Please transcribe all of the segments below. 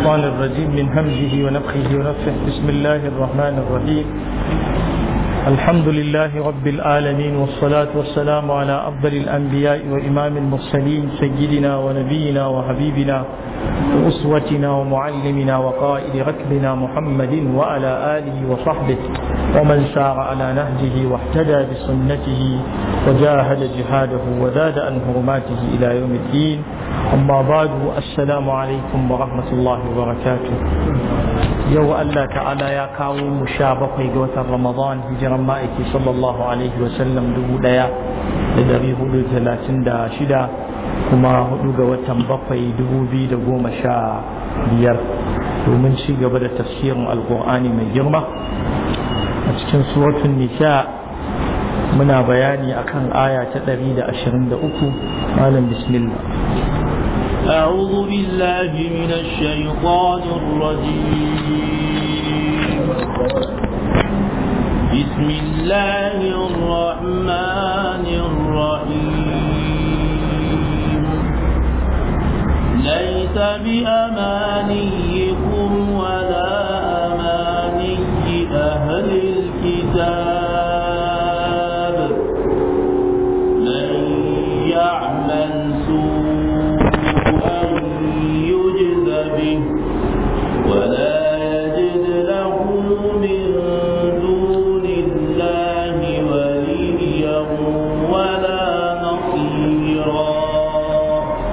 الشيطان الرجيم من همزه ونفخه ونفخه بسم الله الرحمن الرحيم الحمد لله رب العالمين والصلاة والسلام على أفضل الأنبياء وإمام المرسلين سيدنا ونبينا وحبيبنا وأسوتنا ومعلمنا وقائد ركبنا محمد وعلى آله وصحبه ومن سار على نهجه واهتدى بسنته وجاهد جهاده وزاد عن هرماته إلى يوم الدين أما بعد السلام عليكم ورحمة الله وبركاته yau Allah ta'ala ya kawo mu sha bakwai ga watan Ramadan hijiran ma'aiki sallallahu alaihi wasallam dubu daya da dari hudu talatin da shida kuma hudu ga watan bakwai dubu biyu da goma sha biyar domin ci gaba da tafsirin alkur'ani mai girma a cikin suratun nisa muna bayani akan aya ta uku malam bismillah أعوذ بالله من الشيطان الرجيم بسم الله الرحمن الرحيم ليس بأمانيكم ولا أماني أهل الكتاب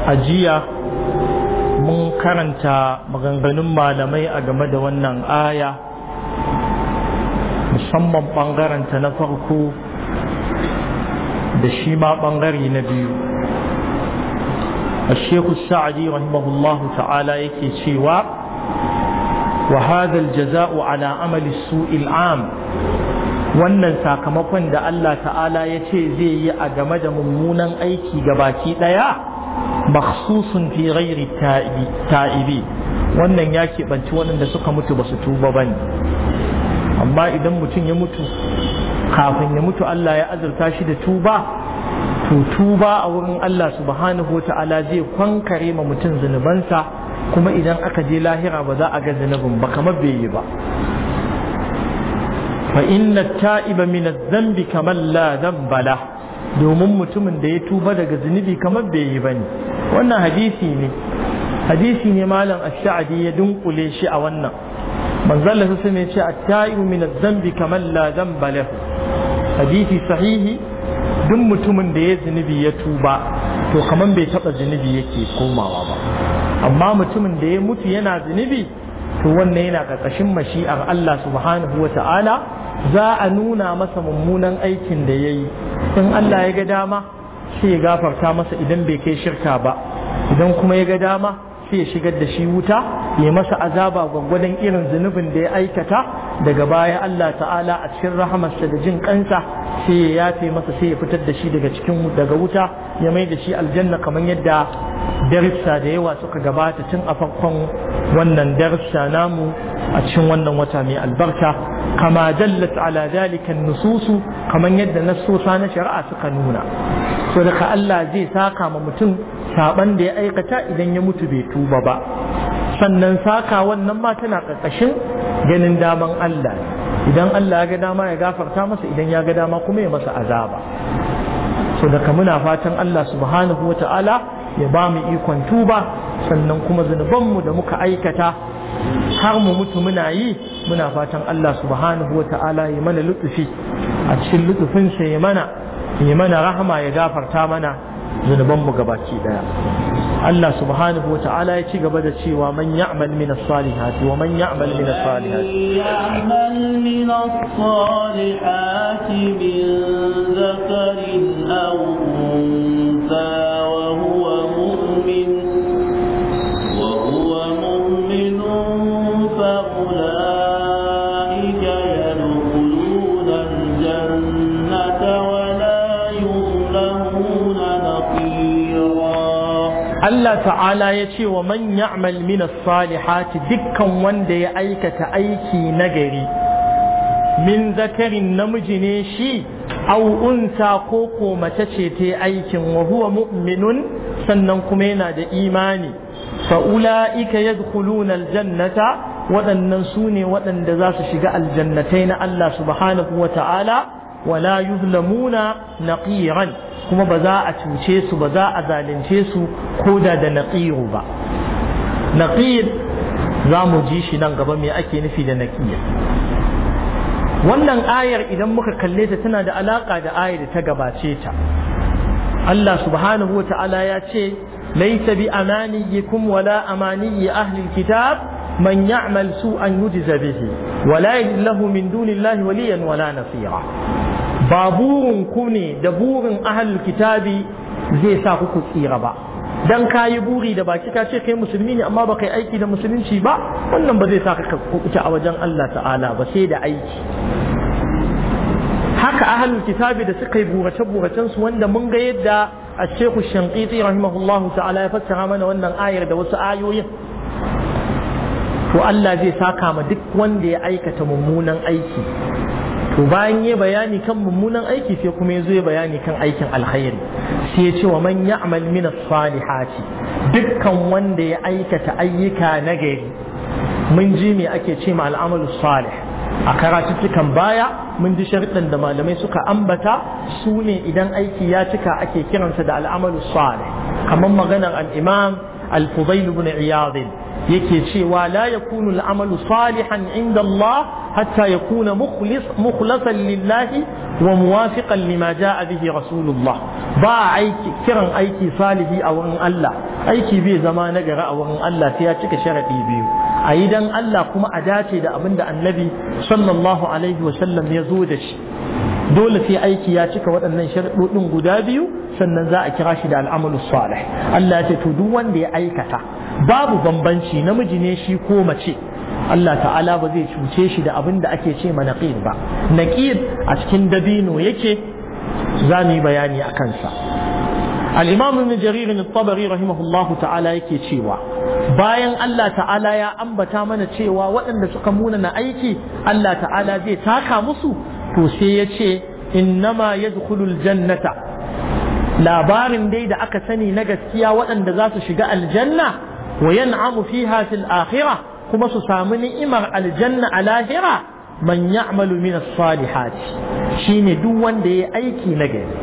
ajiya mun karanta maganganun malamai a game da wannan aya musamman ɓangaranta na farko da shi ma ɓangare na biyu a shekhu sa'adi rahimahullahu ta'ala yake cewa وهذا الجزاء على عمل السوء العام wannan sakamakon da Allah ta'ala ya ce zai yi a game da mummunan aiki gabaki daya makhsusun fi ghairi ta'ibi wannan ya keɓanci waɗanda suka mutu ba su tuba ba ne amma idan mutum ya mutu kafin ya mutu Allah ya azurta shi da tuba to tuba a wurin Allah subhanahu wa ta'ala zai kwankare ma mutum zunubansa kuma idan aka je lahira ba za a ga zanabin ba kamar bai yi ba fa inna ta'iba min adh-dhanbi kaman la dhanba la domin mutumin da ya tuba daga zunubi kamar bai yi bane wannan hadisi ne hadisi ne malam ash-sha'di ya dunkule shi a wannan manzo Allah sai ya ce at-ta'ibu min adh-dhanbi kaman la dhanba lahu hadisi sahihi duk mutumin da ya zunubi ya tuba to kaman bai taba zunubi yake komawa ba amma mutumin da ya mutu yana zunubi to wannan yana ƙarƙashin mashi'ar Allah subhanahu wa ta'ala za a nuna masa mummunan aikin da ya yi in Allah ya ga dama sai ya gafarta masa idan bai kai shirka ba idan kuma ya ga dama sai ya shigar da shi wuta ya masa azaba gwaggwadon irin zunubin da ya aikata daga baya Allah ta'ala a cikin rahamarsa da jin kansa sai ya yafe masa sai ya fitar da shi daga cikin daga wuta ya mai da shi aljanna kamar yadda darussa da yawa suka gabata tun a farkon wannan darussa namu a cikin wannan wata mai albarka kama dallat ala zalika nususu kamar yadda nasusa na shari'a suka nuna so daga Allah zai saka ma mutum saban da ya aikata idan ya mutu bai tuba ba sannan saka wannan ma tana ƙarƙashin ganin daman Allah idan Allah ya ga dama ya gafarta masa idan ya ga dama kuma ya masa azaba so daga muna fatan Allah subhanahu wa ta'ala ya ba mu ikon tuba sannan kuma zunubanmu da muka aikata har mu mutu muna yi muna fatan Allah subhanahu wa ta'ala ya mana lutufi a cikin lutufinsa ya mana ya mana rahama ya gafarta mana zunubanmu gabaki daya Allah subhanahu wa ta'ala ya ci gaba da cewa man ya'mal min as-salihati wa man ya'mal min as-salihati ya'mal min as-salihati min dhakarin aw untha Allah ta'ala ya ce wa man ya'mal min as-salihati dukkan wanda ya aikata aiki nagari min zakarin namiji ne shi aw unsa ko ko mace ce ta aikin wa huwa mu'minun sannan kuma yana da imani fa ulaika yadkhuluna al-jannata waɗannan su ne waɗanda za su shiga aljannatai na Allah subhanahu wa ta'ala wala yuzlamuna naqiran kuma ba za a cuce su ba za a zalunce su ko da da naqiru ba naqir za mu ji shi nan gaba me ake nufi da naqir wannan ayar idan muka kalle ta tana da alaka da ayar da ta gabace ta Allah subhanahu wa ta'ala ya ce laysa bi amaniyikum wala amaniyi ahli alkitab man ya'mal su'an yujza bihi wala yajid lahu min dunillahi waliyan wala nasira ba burin ku ne da burin ahal kitabi zai sa ku tsira ba dan kayi buri da baki ka ce kai musulmi ne amma baka aiki da musulunci ba wannan ba zai sa ka kuce a wajen Allah ta'ala ba sai da aiki haka ahal kitabi da suka yi burace buracen su wanda mun ga yadda a shehu shanqiti rahimahullahu ta'ala ya fassara mana wannan ayar da wasu ayoyin to Allah zai saka ma duk wanda ya aikata mummunan aiki to bayan ya bayani kan mummunan aiki sai kuma ya zo ya bayani kan aikin alkhairi sai ya ce wa man ya'mal min as-salihati dukkan wanda ya aikata ayyuka na gari mun ji me ake ce ma al'amalu salih a karatuttukan baya mun ji sharɗin da malamai suka ambata su ne idan aiki ya cika ake kiransa da al'amalu salih kamar maganar al-imam al-fudail ibn iyad yake cewa la yakunu al-amalu salihan inda Allah hatta yakuna mukhlis mukhlasan lillahi wa muwafiqan limaja jaa bihi rasulullah ba a kiran aiki salihi a wurin Allah aiki bai zama na gari a wurin Allah sai ya cika sharadi biyu a yi dan Allah kuma a dace da abinda annabi sallallahu alaihi wa sallam ya zo da shi dole sai aiki ya cika waɗannan sharuɗin guda biyu sannan za a kira shi da al'amalu salih Allah ce to duk wanda ya aikata babu bambanci namiji ne shi ko mace Allah ta'ala ba zai cuce shi da abin da ake ce ma naqir ba naqir a cikin dabino yake za mu yi bayani a kansa al-imam ibn jarir at-tabari rahimahullahu ta'ala yake cewa bayan Allah ta'ala ya ambata mana cewa waɗanda suka muna na aiki Allah ta'ala zai taka musu to sai ya ce innama yadkhulul jannata labarin dai da aka sani na gaskiya waɗanda za su shiga aljanna wa yan'amu fi fil akhirah kuma su sami ni'imar aljanna a lahira man mina su as shi shine duk wanda yayi aiki na gari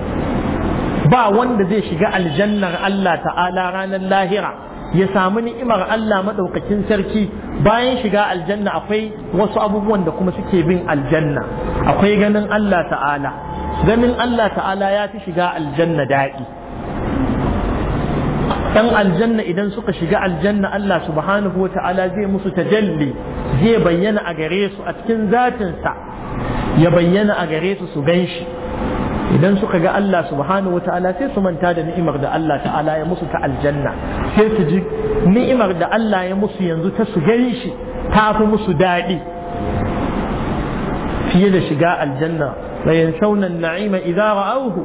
ba wanda zai shiga aljannar Allah ta'ala ranar lahira ya samu ni'imar Allah madaukakin sarki bayan shiga aljanna akwai wasu abubuwan da kuma suke bin aljanna akwai ganin Allah ta'ala ganin Allah ta'ala ya fi shiga aljanna daɗi Dan aljanna idan suka shiga aljanna Allah subhanahu wa ta'ala zai musu tajalli zai bayyana a gare su a cikin zatinsa ya bayyana a gare su su gan shi idan suka ga Allah subhanahu wataala sai su manta da ni'imar da Allah ta'ala ya musu ta aljanna sai su ji ni'imar da Allah ya musu yanzu ta su gani shi ta fi musu daɗi fiye da shiga aljanna bayan saunan naima idan ra'awhu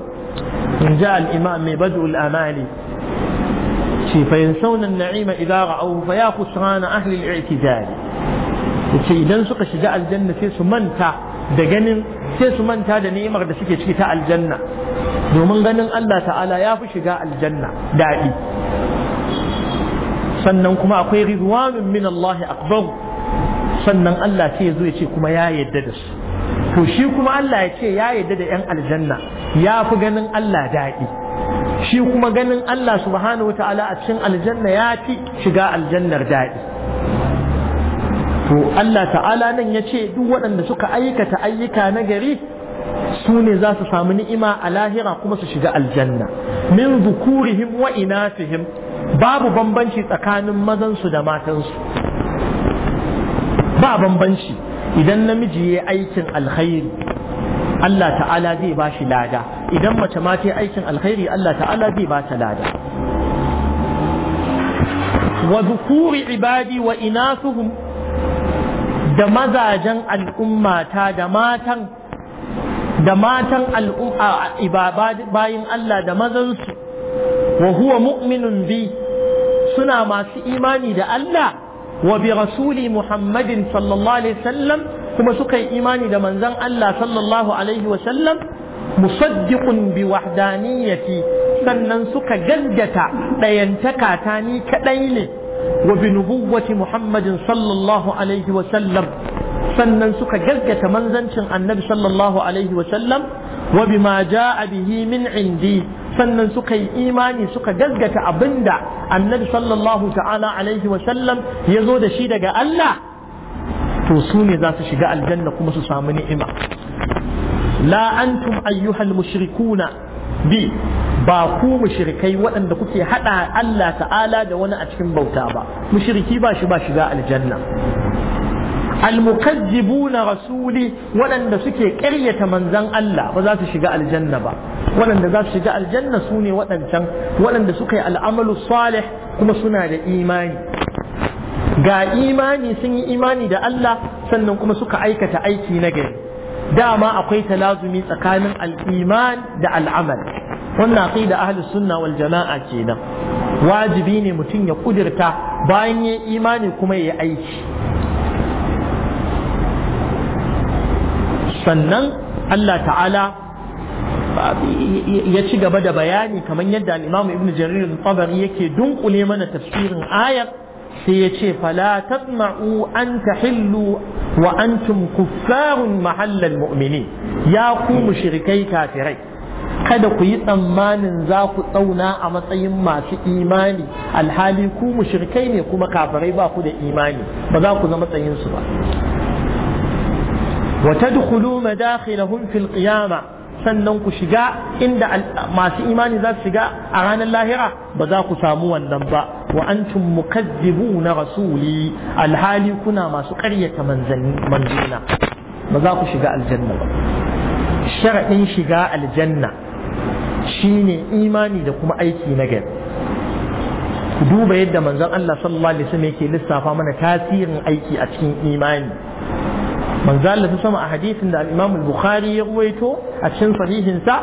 in ja al-imam mai bad'u al-amali ce fa yanshawna an-na'ima idan ra'awhu fa ya khusrana ahli al-i'tidal ce idan suka shiga aljanna sai su manta da ganin sai su manta da ni'imar da suke ciki ta aljanna domin ganin Allah ta'ala ya fi shiga aljanna daɗi sannan kuma akwai ridwanun min Allah akbar sannan Allah sai ya zo ya ce kuma ya yadda da su to shi kuma Allah ya ce ya yadda da 'yan aljanna ya fi ganin Allah daɗi shi kuma ganin Allah subhanahu wa ta'ala a cikin aljanna ya fi shiga aljannar daɗi to Allah ta'ala nan ya ce duk waɗanda suka aikata ayyuka na gari su ne za su samu ni'ima a lahira kuma su shiga aljanna min zukurihim wa inasihim babu bambanci tsakanin mazansu da matansu ba bambanci idan namiji ya aikin alkhairi Allah ta'ala zai ba shi lada idan mace ma ta aikin alkhairi Allah ta'ala zai ba ta lada wa zukuri ibadi wa inasuhum da mazajen al'ummata da matan da matan al'umma bayin Allah da mazansu wa huwa mu'minun bi suna masu imani da Allah wa bi rasuli Muhammadin sallallahu alaihi wasallam kuma suka yi imani da manzon Allah sallallahu alaihi wasallam musaddiqun bi wahdaniyati sannan suka gaggata ɗayantaka ta ni kaɗai ne وبنبوة محمد صلى الله عليه وسلم sannan suka gaggata manzancin annabi sallallahu alaihi wasallam wa bima ja'a bihi min indi sannan suka yi imani suka gaggata abinda annabi sallallahu ta'ala alaihi wasallam ya zo da shi daga Allah to su ne za su shiga aljanna kuma su samu ni'ima la antum ayyuhal mushrikuna bi ba ku mushrikai waɗanda kuke haɗa Allah ta'ala da wani a cikin bauta ba mushriki ba shi ba shiga aljanna na rasuli waɗanda suke ƙaryata manzan Allah ba za su shiga aljanna ba waɗanda za su shiga aljanna su ne waɗancan waɗanda suka yi al'amalu salih kuma suna da imani ga imani sun yi imani da Allah sannan kuma suka aikata aiki na gari dama akwai talazumi tsakanin al'iman da al'amal wannan aqida ahlus sunna wal jama'a kenan wajibi ne mutum ya kudirta bayan ya imani kuma ya aiki sannan Allah ta'ala ya ci gaba da bayani kamar yadda al-imam ibn jarir al-tabari yake dunkule mana tafsirin ayar sai ya ce fala tasma'u an tahillu wa antum kuffarun mahallal mu'minin ya ku mushrikai kafirai kada ku yi tsammanin za ku tsauna a matsayin masu imani alhali ku mushrikai ne kuma kafirai ba ku da imani ba za ku zama matsayin su ba wa tadkhulu madakhilahum fil qiyama sannan ku shiga inda masu imani za su shiga a ranar lahira ba za ku samu wannan ba wa antum na rasuli alhali kuna masu ƙaryata manzanni ba za ku shiga aljanna ba sharaɗin shiga aljanna shine imani da kuma aiki na gari duba yadda manzon Allah sallallahu alaihi wasallam yake lissafa mana tasirin aiki a cikin imani manzo Allah sama a hadisin da al-Imam al-Bukhari ya ruwaito a cikin sahihin sa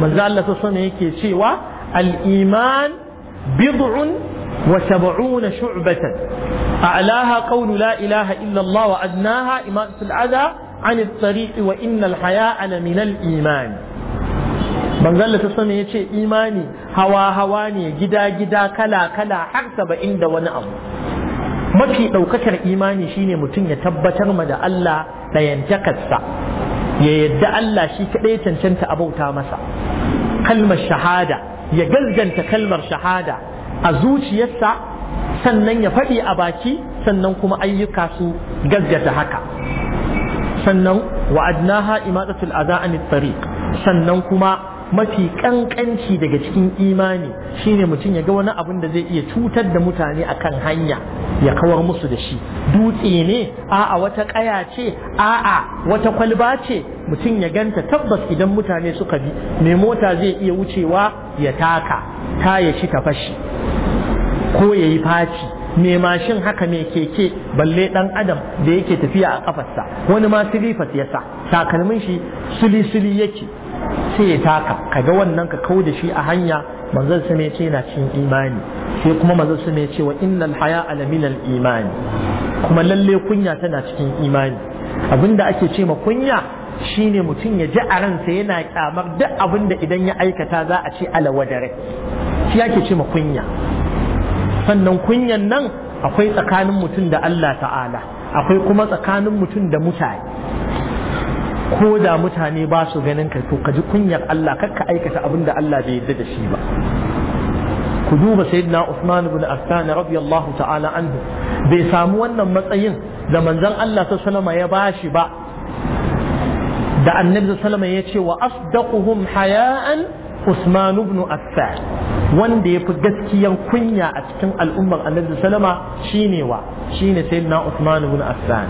manzo Allah sama yake cewa al-iman bid'un wa sab'una shu'batan a'laha qawlu la ilaha illa Allah wa adnaha imanatul adha عن الطريق وإن الحياء لمن الإيمان manzalla ta sama ya ce imani hawa hawa ne gida gida kala kala har saba'in da wani abu mafi ɗaukakar imani shine mutum ya tabbatar ma da Allah ɗayantakarsa ya yadda Allah shi kaɗai cancanta a bauta masa kalmar shahada ya gazganta kalmar shahada a zuciyarsa sannan ya faɗi a baki sannan kuma ayyuka su gazgata haka sannan wa'adnaha imatatul adha anit tariq sannan kuma mafi kankanci daga cikin imani shine mutum ya ga wani abin da zai iya cutar da mutane akan hanya ya kawar musu da shi dutse ne a'a wata kaya ce a'a wata kwalba ce mutum ya ganta tabbas idan mutane suka bi mai mota zai iya wucewa ya taka ta ya ci ta fashi ko ya yi faci mai mashin haka mai keke balle dan adam da yake tafiya a kafarsa wani ma silifas ya sa takalmin shi sili-sili yake sai ya taka kaga wannan ka kau da shi a hanya manzon su ne ce yana cikin imani sai kuma manzon su ne ce wa innal haya ala minal imani kuma lalle kunya tana cikin imani abinda ake ce ma kunya shine mutum ya ji a ransa yana kyamar duk abinda idan ya aikata za a ce ala wadare shi ake ce ma kunya sannan kunyan nan akwai tsakanin mutum da Allah ta'ala akwai kuma tsakanin mutum da mutane ko da mutane ba su ganin ka to ka ji kunyar Allah kar ka aikata abin da Allah bai yarda da shi ba ku duba sayyidina Usman ibn Affan radiyallahu ta'ala anhu bai samu wannan matsayin da manzon Allah sallallahu alaihi ya bashi ba da annabi sallallahu alaihi ya ce wa asdaquhum haya'an Usman ibn Affan wanda ya fi gaskiyar kunya a cikin al'ummar annabi sallama shine wa shine sayyidina Usman ibn Affan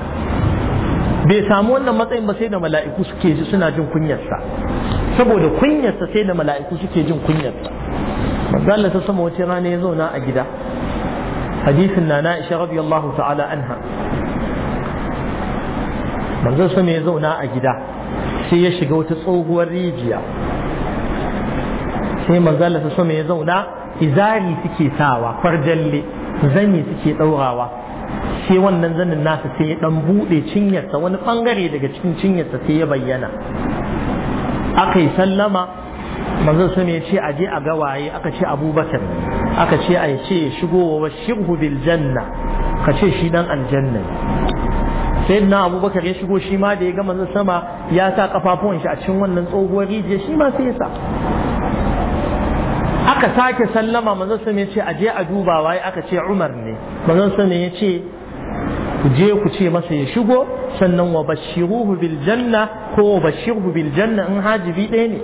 bai samu wannan matsayin ba sai da mala'iku suke ji suna jin kunyarsa saboda kunyarsa sai da mala'iku suke jin kunyarsa manzala ta sama wace rana ya zauna a gida hadisin na rabi radiyallahu ta'ala anha manzon sama ya zauna a gida sai ya shiga wata tsohuwar rijiya sai manzala ta sama ya zauna izari suke sawa kwarjalle zani suke ɗaurawa sai wannan zanin nasa sai ya dan bude cinyarsa wani bangare daga cikin cinyarsa sai ya bayyana aka yi sallama manzon sun ya ce aje a gawaye aka ce abubakar aka ce a ce shigo wa shirhu bil janna ka ce shi dan aljanna sai na abubakar ya shigo shi ma da ya gama zan sama ya sa kafafuwan shi a cikin wannan tsohuwar rijiya shi ma sai ya sa aka sake sallama manzon sun ya ce aje a duba waye aka ce umar ne manzon sun ya ce ku je ku ce masa ya shigo sannan wa bashiruhu bil janna ko wa bashiruhu bil janna in hajibi ɗaya ne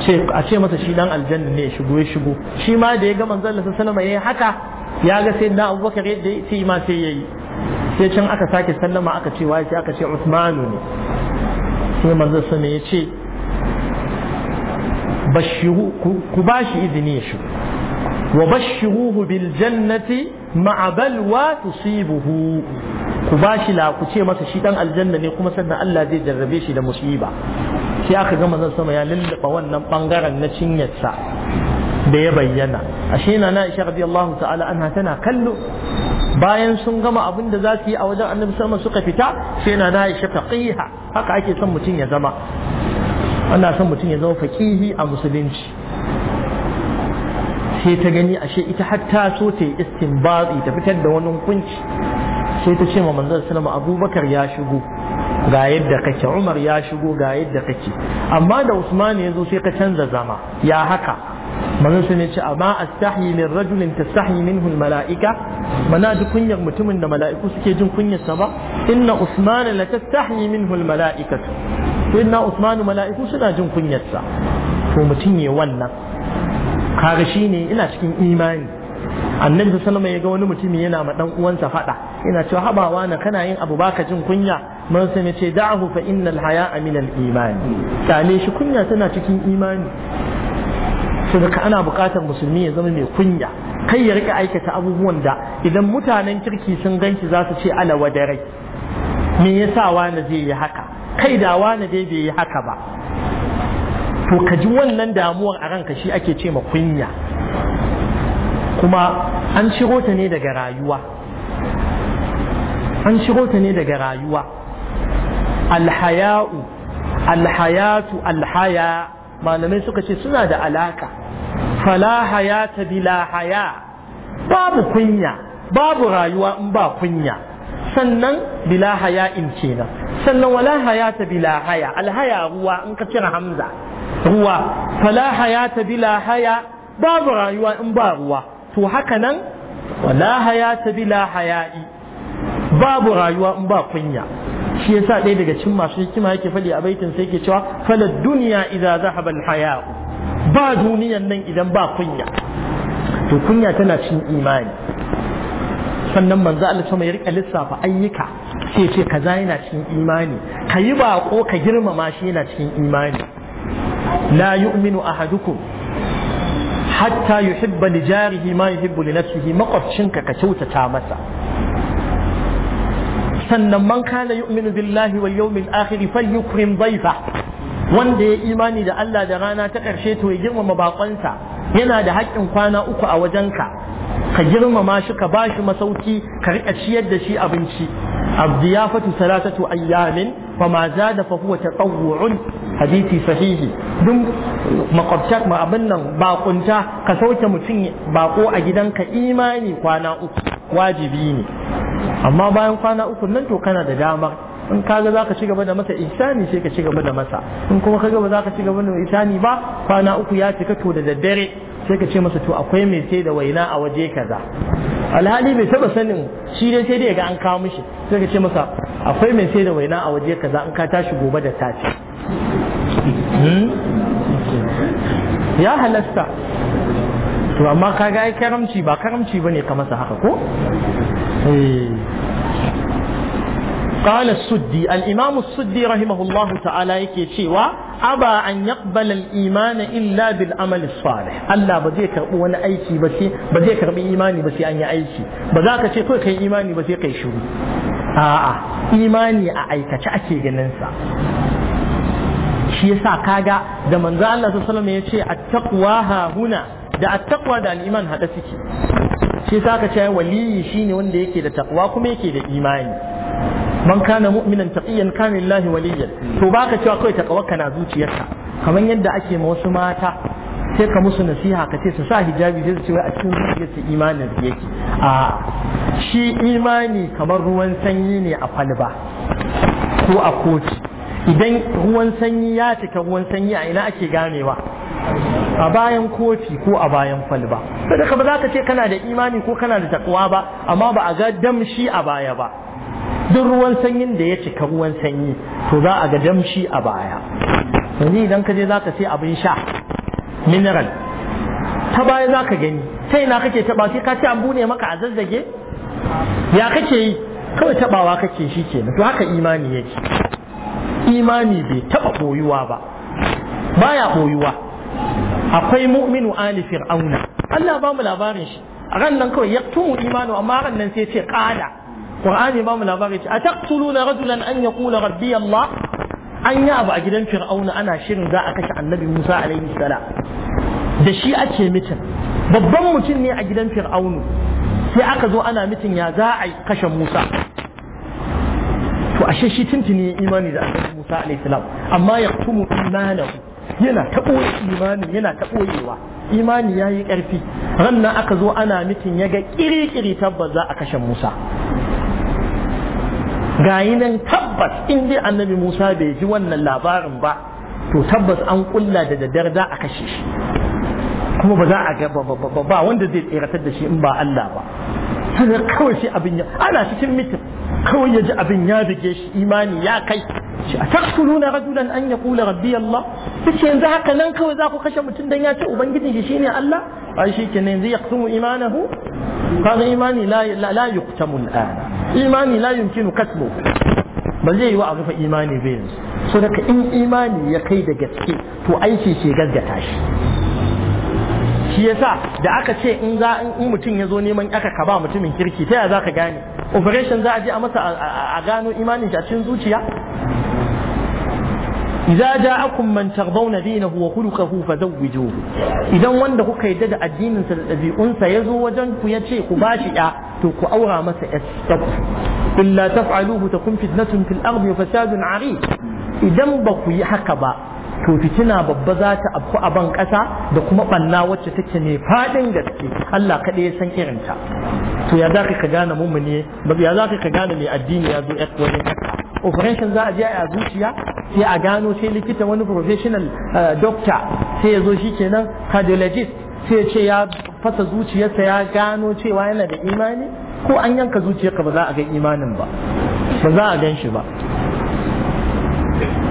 ce a ce masa shi dan aljanna ne ya shigo ya shigo shi ma da ya ga manzon Allah sallallahu alaihi haka ya ga sai na Abubakar yadda ya ce ma sai yayi sai can aka sake sallama aka ce wai sai aka ce Usmanu ne sai manzon sallallahu ya ce bashiru ku bashi izini ya shigo wa bashiruhu bil jannati ma'abalwa buhu ku bashi la ku ce masa shi dan aljanna ne kuma sannan Allah zai jarrabe shi da musiba sai aka gama zan sama ya lullaba wannan bangaren na cinyarsa da ya bayyana ashe na na Aisha radiyallahu ta'ala anha tana kallo bayan sun gama abin da za su yi a wajen annabi sama suka fita sai na na Aisha faqiha haka ake son mutum ya zama ana son mutum ya zama faqihi a musulunci sai ta gani ashe ita hatta so ta yi istinbazi ta fitar da wani hukunci sai ta ce ma manzon sallama abubakar ya shigo ga yadda kake umar ya shigo ga yadda kake amma da usman ya zo sai ka canza zama ya haka manzon sun ce amma astahi min rajulin tastahi minhu almalaika mana duk kunyar mutumin da mala'iku suke jin kunyar sa ba inna usman la tastahi minhu almalaikatu inna usman mala'iku suna jin kunyar sa to mutum ya wannan kaga ne ina cikin imani annabi sallallahu ya ga wani mutumi yana ma dan uwansa fada ina cewa habawa na kana yin abu baka jin kunya man sai ce da'ahu fa innal haya min imani kale shi kunya tana cikin imani saboda ana bukatar musulmi ya zama mai kunya kai ya rika aikata abubuwan da idan mutanen kirki sun ganki za su ce ala wadarai me yasa wani zai yi haka kai da wani dai bai yi haka ba to ka ji wannan damuwar a ranka shi ake ce ma kunya kuma an shiro ta ne daga rayuwa an ta ne daga rayuwa alhaya'u alhayatu alhaya malamai suka ce suna da alaka fala hayata bila haya babu kunya babu rayuwa in ba kunya sannan bila in kenan sannan wala hayata bila haya alhaya ruwa in ka cire hamza ruwa fala hayata bila haya babu rayuwa in ba ruwa to haka nan wala hayata bila haya'i babu rayuwa in ba kunya shi yasa ɗaya daga cikin masu hikima yake faɗi a baitin sai yake cewa falad duniya idza zahaba al haya ba duniyan nan idan ba kunya to kunya tana cikin imani sannan manzo Allah sama ya rika lissafa ayyuka sai ce kaza yana cikin imani kayi bako ka girmama shi yana cikin imani la yu'minu ahadukum hatta yuhibba li jarihi ma yuhibbu li nafsihi makwabcinka ka kyautata masa sannan man kana yu'minu billahi wal yawmil akhir falyukrim dhayfa wanda ya imani da Allah da rana ta ƙarshe to ya girmama bakonsa yana da haƙƙin kwana uku a wajen ka Ka girmama shi ka ba shi masauki ka riƙa ciyar da shi abinci abdiyafatu salatatu ayyamin فما زاد فهو تطوع حديثي صحيحي دم مقبتك ما أبنى باقنتا كسوت متن باقو أجدن كإيماني وانا واجبيني أما باين وانا أكل ننتو كان دجامك in kaga zaka ci gaba da masa isani sai ka ci gaba da masa in kuma gaba ba ka ci gaba da isani ba kwana uku ya cika to da daddare sai ka ce masa to akwai mai sai da waina a waje kaza alhali bai taba sanin shi dai sai dai ga an kawo mishi sai ka ce masa akwai mai sai da waina a waje kaza an ka tashi gobe da tashi hmm? ya halasta to amma kaga ai karamci ba karamci bane ka masa haka ko eh قال السدي الإمام السدي رحمه الله تعالى يكي تشيوا أبى أن يقبل الإيمان إلا بالعمل الصالح الله بذيك وانا أيكي بسي بذيك ربي إيماني بسي أني أيكي بذاك شيء كوي كي إيماني بسي كي شو آآ إيماني أعيك تأكي جننسا shi yasa kaga da manzo Allah sallallahu alaihi wasallam yace at-taqwa ha huna da at-taqwa da al-iman hada suke shi yasa ka ce waliyi shine wanda yake da taqwa kuma yake da imani man kana mu'minan taqiyan kana lillahi waliyan to baka cewa kai taqawaka na zuciyarka kamar yadda ake ma wasu mata sai ka musu nasiha ka ce su sa hijabi sai su ce wai a cikin zuciyarsu imanin yake a shi imani kamar ruwan sanyi ne a kwalba ko a koci idan ruwan sanyi ya cika ruwan sanyi a ina ake ganewa a bayan kofi ko a bayan kwalba ka ba za ka ce kana da imani ko kana da takwa ba amma ba a ga damshi a baya ba duk ruwan sanyin da ya cika ruwan sanyi to za a ga damshi a baya yanzu idan ka je za ka sai abin sha mineral ta baya za ka gani sai na kake taba sai ka ce an bune maka a zazzage ya kake yi kawai tabawa kake shi ke to haka imani yake imani bai taba koyuwa ba baya koyuwa akwai mu'minu ali fir'auna Allah ba mu labarin shi a ran nan kawai ya tumu imanu amma ran nan sai ce kada. qur'ani ba mu labari ce ataqtuluna rajulan an yaqula rabbi allah an yi abu a gidan fir'auna ana shirin za a kashe annabi musa alaihi salam da shi ake mitin babban mutum ne a gidan fir'aunu sai aka zo ana mitin ya za a kashe musa to ashe shi tuntuni ya imani da annabi musa alaihi salam amma ya kumu imanahu yana taɓo imani yana taɓoyewa imani ya yi ƙarfi rannan aka zo ana mitin ya ga ƙiri-ƙiri tabbas za a kashe musa yi nan tabbas in dai annabi Musa bai ji wannan labarin ba to tabbas an kulla da daddare za a kashe shi kuma ba za a ga ba wanda zai tseratar da shi in ba Allah ba haka kawai shi abin ya ana cikin mitin kawai ya ji abin ya bige shi imani ya kai shi a taksuruna rajulan an yaqula rabbi Allah yanzu haka nan kawai za ku kashe mutum dan ya ce ubangijin shi shine Allah ai shi ne yanzu yaqtumu imanahu kaga imani la la yuqtamu al'ana imani la yumkinu katmu ba zai yi wa a rufe imani bai yanzu so daga in imani ya kai da gaske to aiki ce gaggata shi shi yasa da aka ce in za in mutum ya zo neman aka ka ba mutumin kirki ta ya za ka gane operation za a je a masa a gano imanin shi a cikin zuciya idza ja'akum man tardawna dinahu wa khuluquhu fazawwijuhu idan wanda kuka yadda da addinin sa da dabi'un sa yazo wajen ku yace ku bashi ya to ku aura masa ya illa taf'aluhu takun fitnatun idan baku yi haka ba to fitina babba za ta abu a ban ƙasa da kuma ɓanna wacce take ne faɗin gaske Allah kaɗai ya san irinta to ya za ka gane mummuni ya za ka gane mai addini ya zo wajen haka operation za a je a zuciya sai a gano sai likita wani professional eh, doctor sai ya zo shi kenan cardiologist sai ce ya fasa zuciyarsa ya gano cewa yana da imani ko an yanka zuciyarka ba za a ga imanin ba ba za a gan shi ba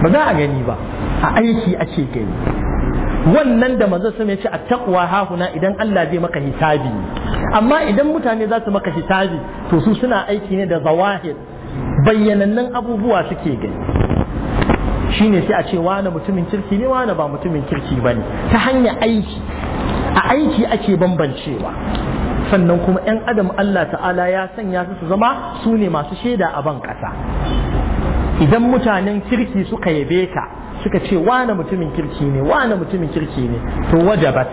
ba za a gani ba a aiki ake gani wannan da manzo sun ce a takwa hahuna idan Allah zai maka hitabi. amma idan mutane za su maka hitabi, to su suna aiki ne da zawahir bayyanannan abubuwa suke gani Shi ne sai a ce wane mutumin kirki ne wane ba mutumin kirki ba ne ta hanyar aiki a aiki ake bambancewa sannan kuma 'yan adam Allah ta'ala ya sanya su su zama su ne masu shaida a ban ƙasa idan mutanen kirki suka yabe ka suka ce wane mutumin kirki ne wane mutumin kirki ne to wajabat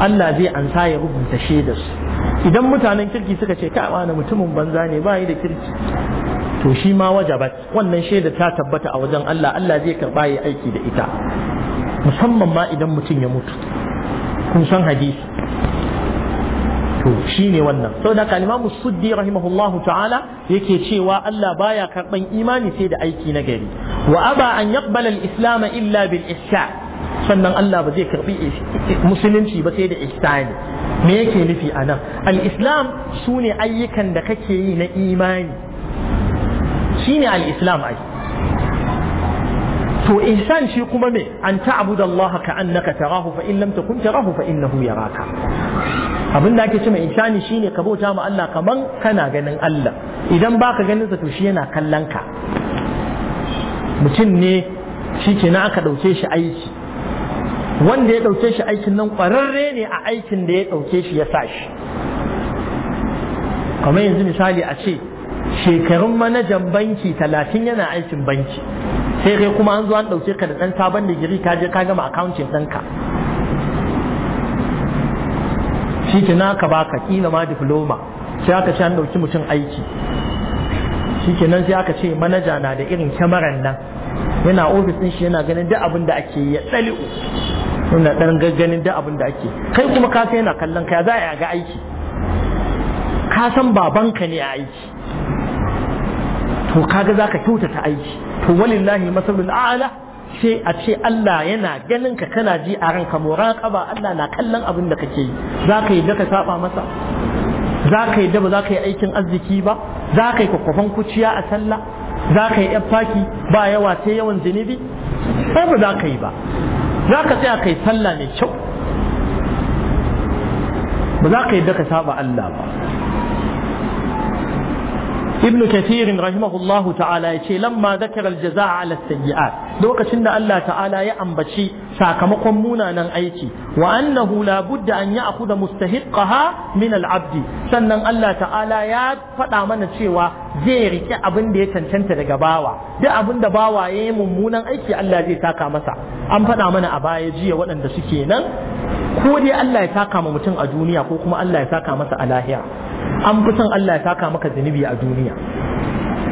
Allah zai ansa ya rubuta shaidar su idan mutanen kirki suka ce ka wane mutumin banza ne ba yi da kirki to shi ma wajabat wannan shaida ta tabbata a wajen Allah Allah zai karba ya aiki da ita musamman ma idan mutum ya mutu kun san hadisi to shine wannan saboda kalimamu suddi rahimahullahu ta'ala yake cewa Allah baya karban imani sai da aiki na gari wa aba an yaqbala al-islam illa bil ihsan sannan Allah ba zai karbi musulunci ba sai da ihsani me yake nufi anan al-islam sune ayyukan da kake yi na imani ne al-islam ai to ihsan shi kuma me an ta'budallaha ka annaka tarahu fa in lam takun tarahu fa innahu yaraka abin da ake cewa ihsani shine ka bauta ma Allah kaman kana ganin Allah idan baka ganin sa to shi yana kallon ka mutum ne na aka ɗauke shi aiki wanda ya ɗauke shi aikin nan kwararre ne a aikin da ya ɗauke shi ya sa shi kamar yanzu misali a ce shekarun manajan banki talatin yana aikin banki sai kai kuma an zo an ɗauke ka da ɗan sabon digiri ka je ka gama akawuncin ɗanka shi ke na ka baka kila ma diploma sai aka ce an ɗauki mutum aiki shi ke nan sai aka ce manaja na da irin kyamaran nan yana ofis ɗin shi yana ganin duk abin da ake ya tsali'u yana ɗan gaggani duk abin da ake kai kuma ka sai yana kallon ka za a ga aiki ka san babanka ne a aiki to kaga zaka kyautata aiki to walillahi masalul a'la sai a ce Allah yana ganin ka kana ji a ranka kaba. Allah na kallon abin da kake yi ka yi ka saba masa ka yi da ba ka yi aikin arziki ba ka yi kwakwafan kuciya a sallah ka yi faki ba yawa sai yawan zinubi sai ba ka yi ba zaka tsaya kai sallah mai kyau ba za ka da ka saba Allah ba ibn Katirin rahimahullahu ta'ala ya ce lamma zakara aljaza'a ala sayyi'at lokacin da Allah ta'ala ya ambaci sakamakon munanan aiki wa annahu la budda an ya'khudha mustahiqqaha minal abdi sannan Allah ta'ala ya faɗa mana cewa zai rike abinda ya cancanta daga bawa duk abin da bawa ya yi mummunan aiki Allah zai taka masa an faɗa mana a baya jiya waɗanda suke nan ko dai Allah ya taka ma mutum a duniya ko kuma Allah ya saka masa a lahira an fi son Allah ya saka maka zunubi a duniya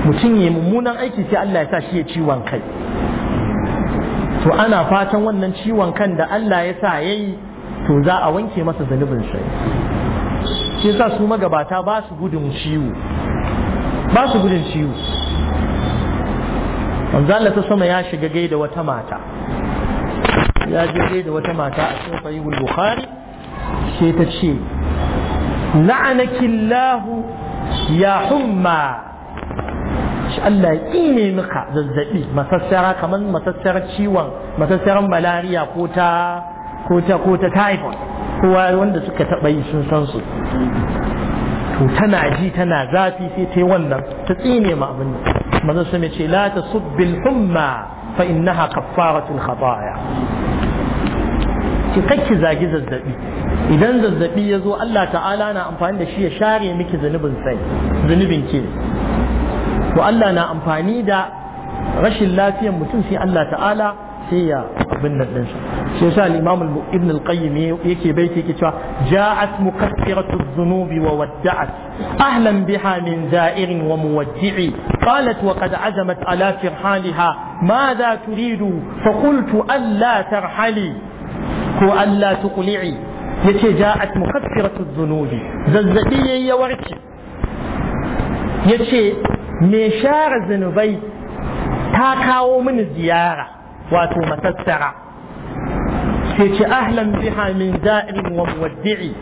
mutum ya mummunan aiki sai Allah ya sa shi ya ciwon kai to ana fatan wannan ciwon kan da Allah ya sa ya yi to za a wanke masa zunubin shi shi sa su magabata ba su gudun ciwo ba su gudun ciwo wanzan ta sama ya shiga gai da wata mata ya je da wata mata a cikin sahihul bukhari sai ta ce la'anakillahu ya humma shi Allah ƙine maka zazzaɓi masassara kamar masassarar ciwon masassaran malaria ko ta ko ta ko ta typhoid kowa wanda suka taɓa yi sun san su to tana ji tana zafi sai ta yi wannan ta tsine ma abin manzon sai ce la tasubbil humma fa innaha kaffaratul khataya ki kake zagi zazzabi idan zazzabi ya zo Allah ta'ala na amfani da shi ya share miki zunubin sai zunubin ke to Allah na amfani da rashin lafiyar mutum sai Allah ta'ala sai ya abin nan ɗinsa shi yasa al-imam ibn al-qayyim yake baiti yake cewa ja'at mukaffiratu dhunubi wa wadda'at ahlan biha min za'irin wa muwaddi'i qalat wa qad azamat ala firhaliha madha turidu fa qultu alla tarhali ko alla tuqli'i yace ja'at mukaffiratu dhunubi zazzabi yayi ya warke yace me share zunubai ta kawo mini ziyara wato matattara sai ce ahlan biha min za'irin wa muwaddi'i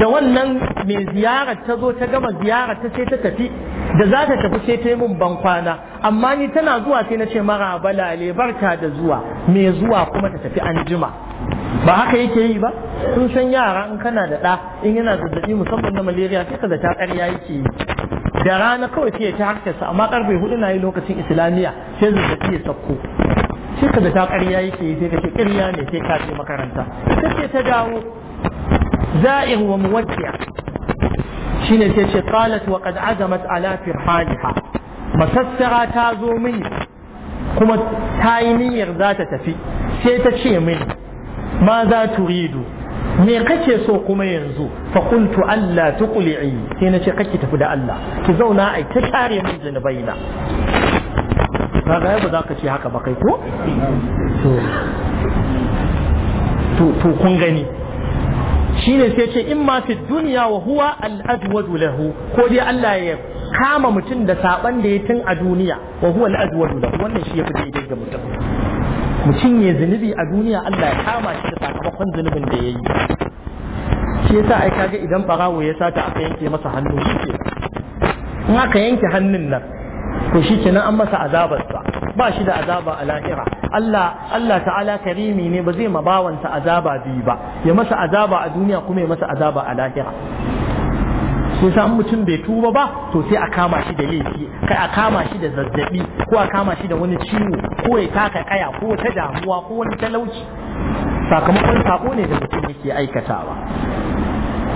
da wannan mai ziyarar ta zo ta gama ziyarar ta sai ta tafi da za ta tafi sai ta yi mun bankwana amma ni tana zuwa sai na ce mara balale barka da zuwa mai zuwa kuma ta tafi an jima ba haka yake yi ba sun san yara in kana da ɗa in yana zazzabi musamman na malaria sai ka zata ƙarya yake yi da rana kawai sai ya ta harkarsa amma karfe hudu na yi lokacin islamiyya sai zazzabi ya sauko sai ka zata ƙarya yake yi sai ka ce ƙarya ne sai ka je makaranta ita ce ta dawo za'ir wa muwajjiya shine sai ce qalat wa qad azamat ala masassara ta zo mini kuma ta yi niyyar za ta tafi sai ta ce mini Maza za turidu me kake so kuma yanzu fa qultu alla tuqli'i sai nace kake tafi da Allah ki zauna ai ta kare min zanubaina kaga ba za ka ce haka ba kai ko to to kun gani shine sai ce in ma fi duniya wa huwa al-ajwadu lahu ko dai Allah ya kama mutum da saban da ya tun a duniya wa huwa al-ajwadu lahu wannan shi yafi daidai ga mutum mutum ya zunubi a duniya Allah ya kama shi da sakamakon zunubin da ya yi shi yasa ai kaga idan barawo ya sata aka yanke masa hannu shi in aka yanke hannun nan to shi kenan an masa azabarsa ba shi da azaba a lahira Allah Allah ta'ala karimi ne ba zai ma bawansa azaba biyu ba ya masa azaba a duniya kuma ya masa azaba a lahira shi sa mutum bai tuba ba to sai a kama shi da laifi kai a kama shi da zazzabi ko a kama shi da wani ciwo ko ya taka kaya ko ta damuwa ko wani talauci sakamakon sako ne da mutum yake aikatawa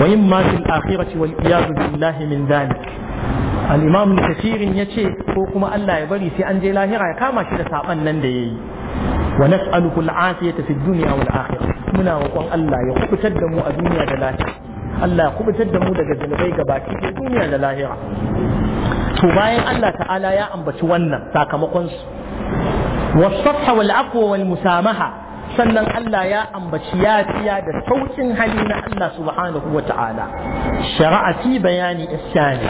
wa in ma fil akhirati wal iyadu billahi min dhalik al-imam kathirin yace ko kuma Allah ya bari sai an je lahira ya kama shi da saban nan da yayi wa nas'aluhu al-afiyata fid dunya wal akhirah muna roƙon Allah ya kubutar da mu a duniya da lafiya Allah ya kubutar da mu daga zunubai gabaki da duniya da lahira to bayan Allah ta'ala ya ambaci wannan sakamakon su wasafha wal afwa wal musamaha sannan Allah ya ambaci yafiya da saukin hali na Allah subhanahu wa ta'ala shara'ati bayani ihsani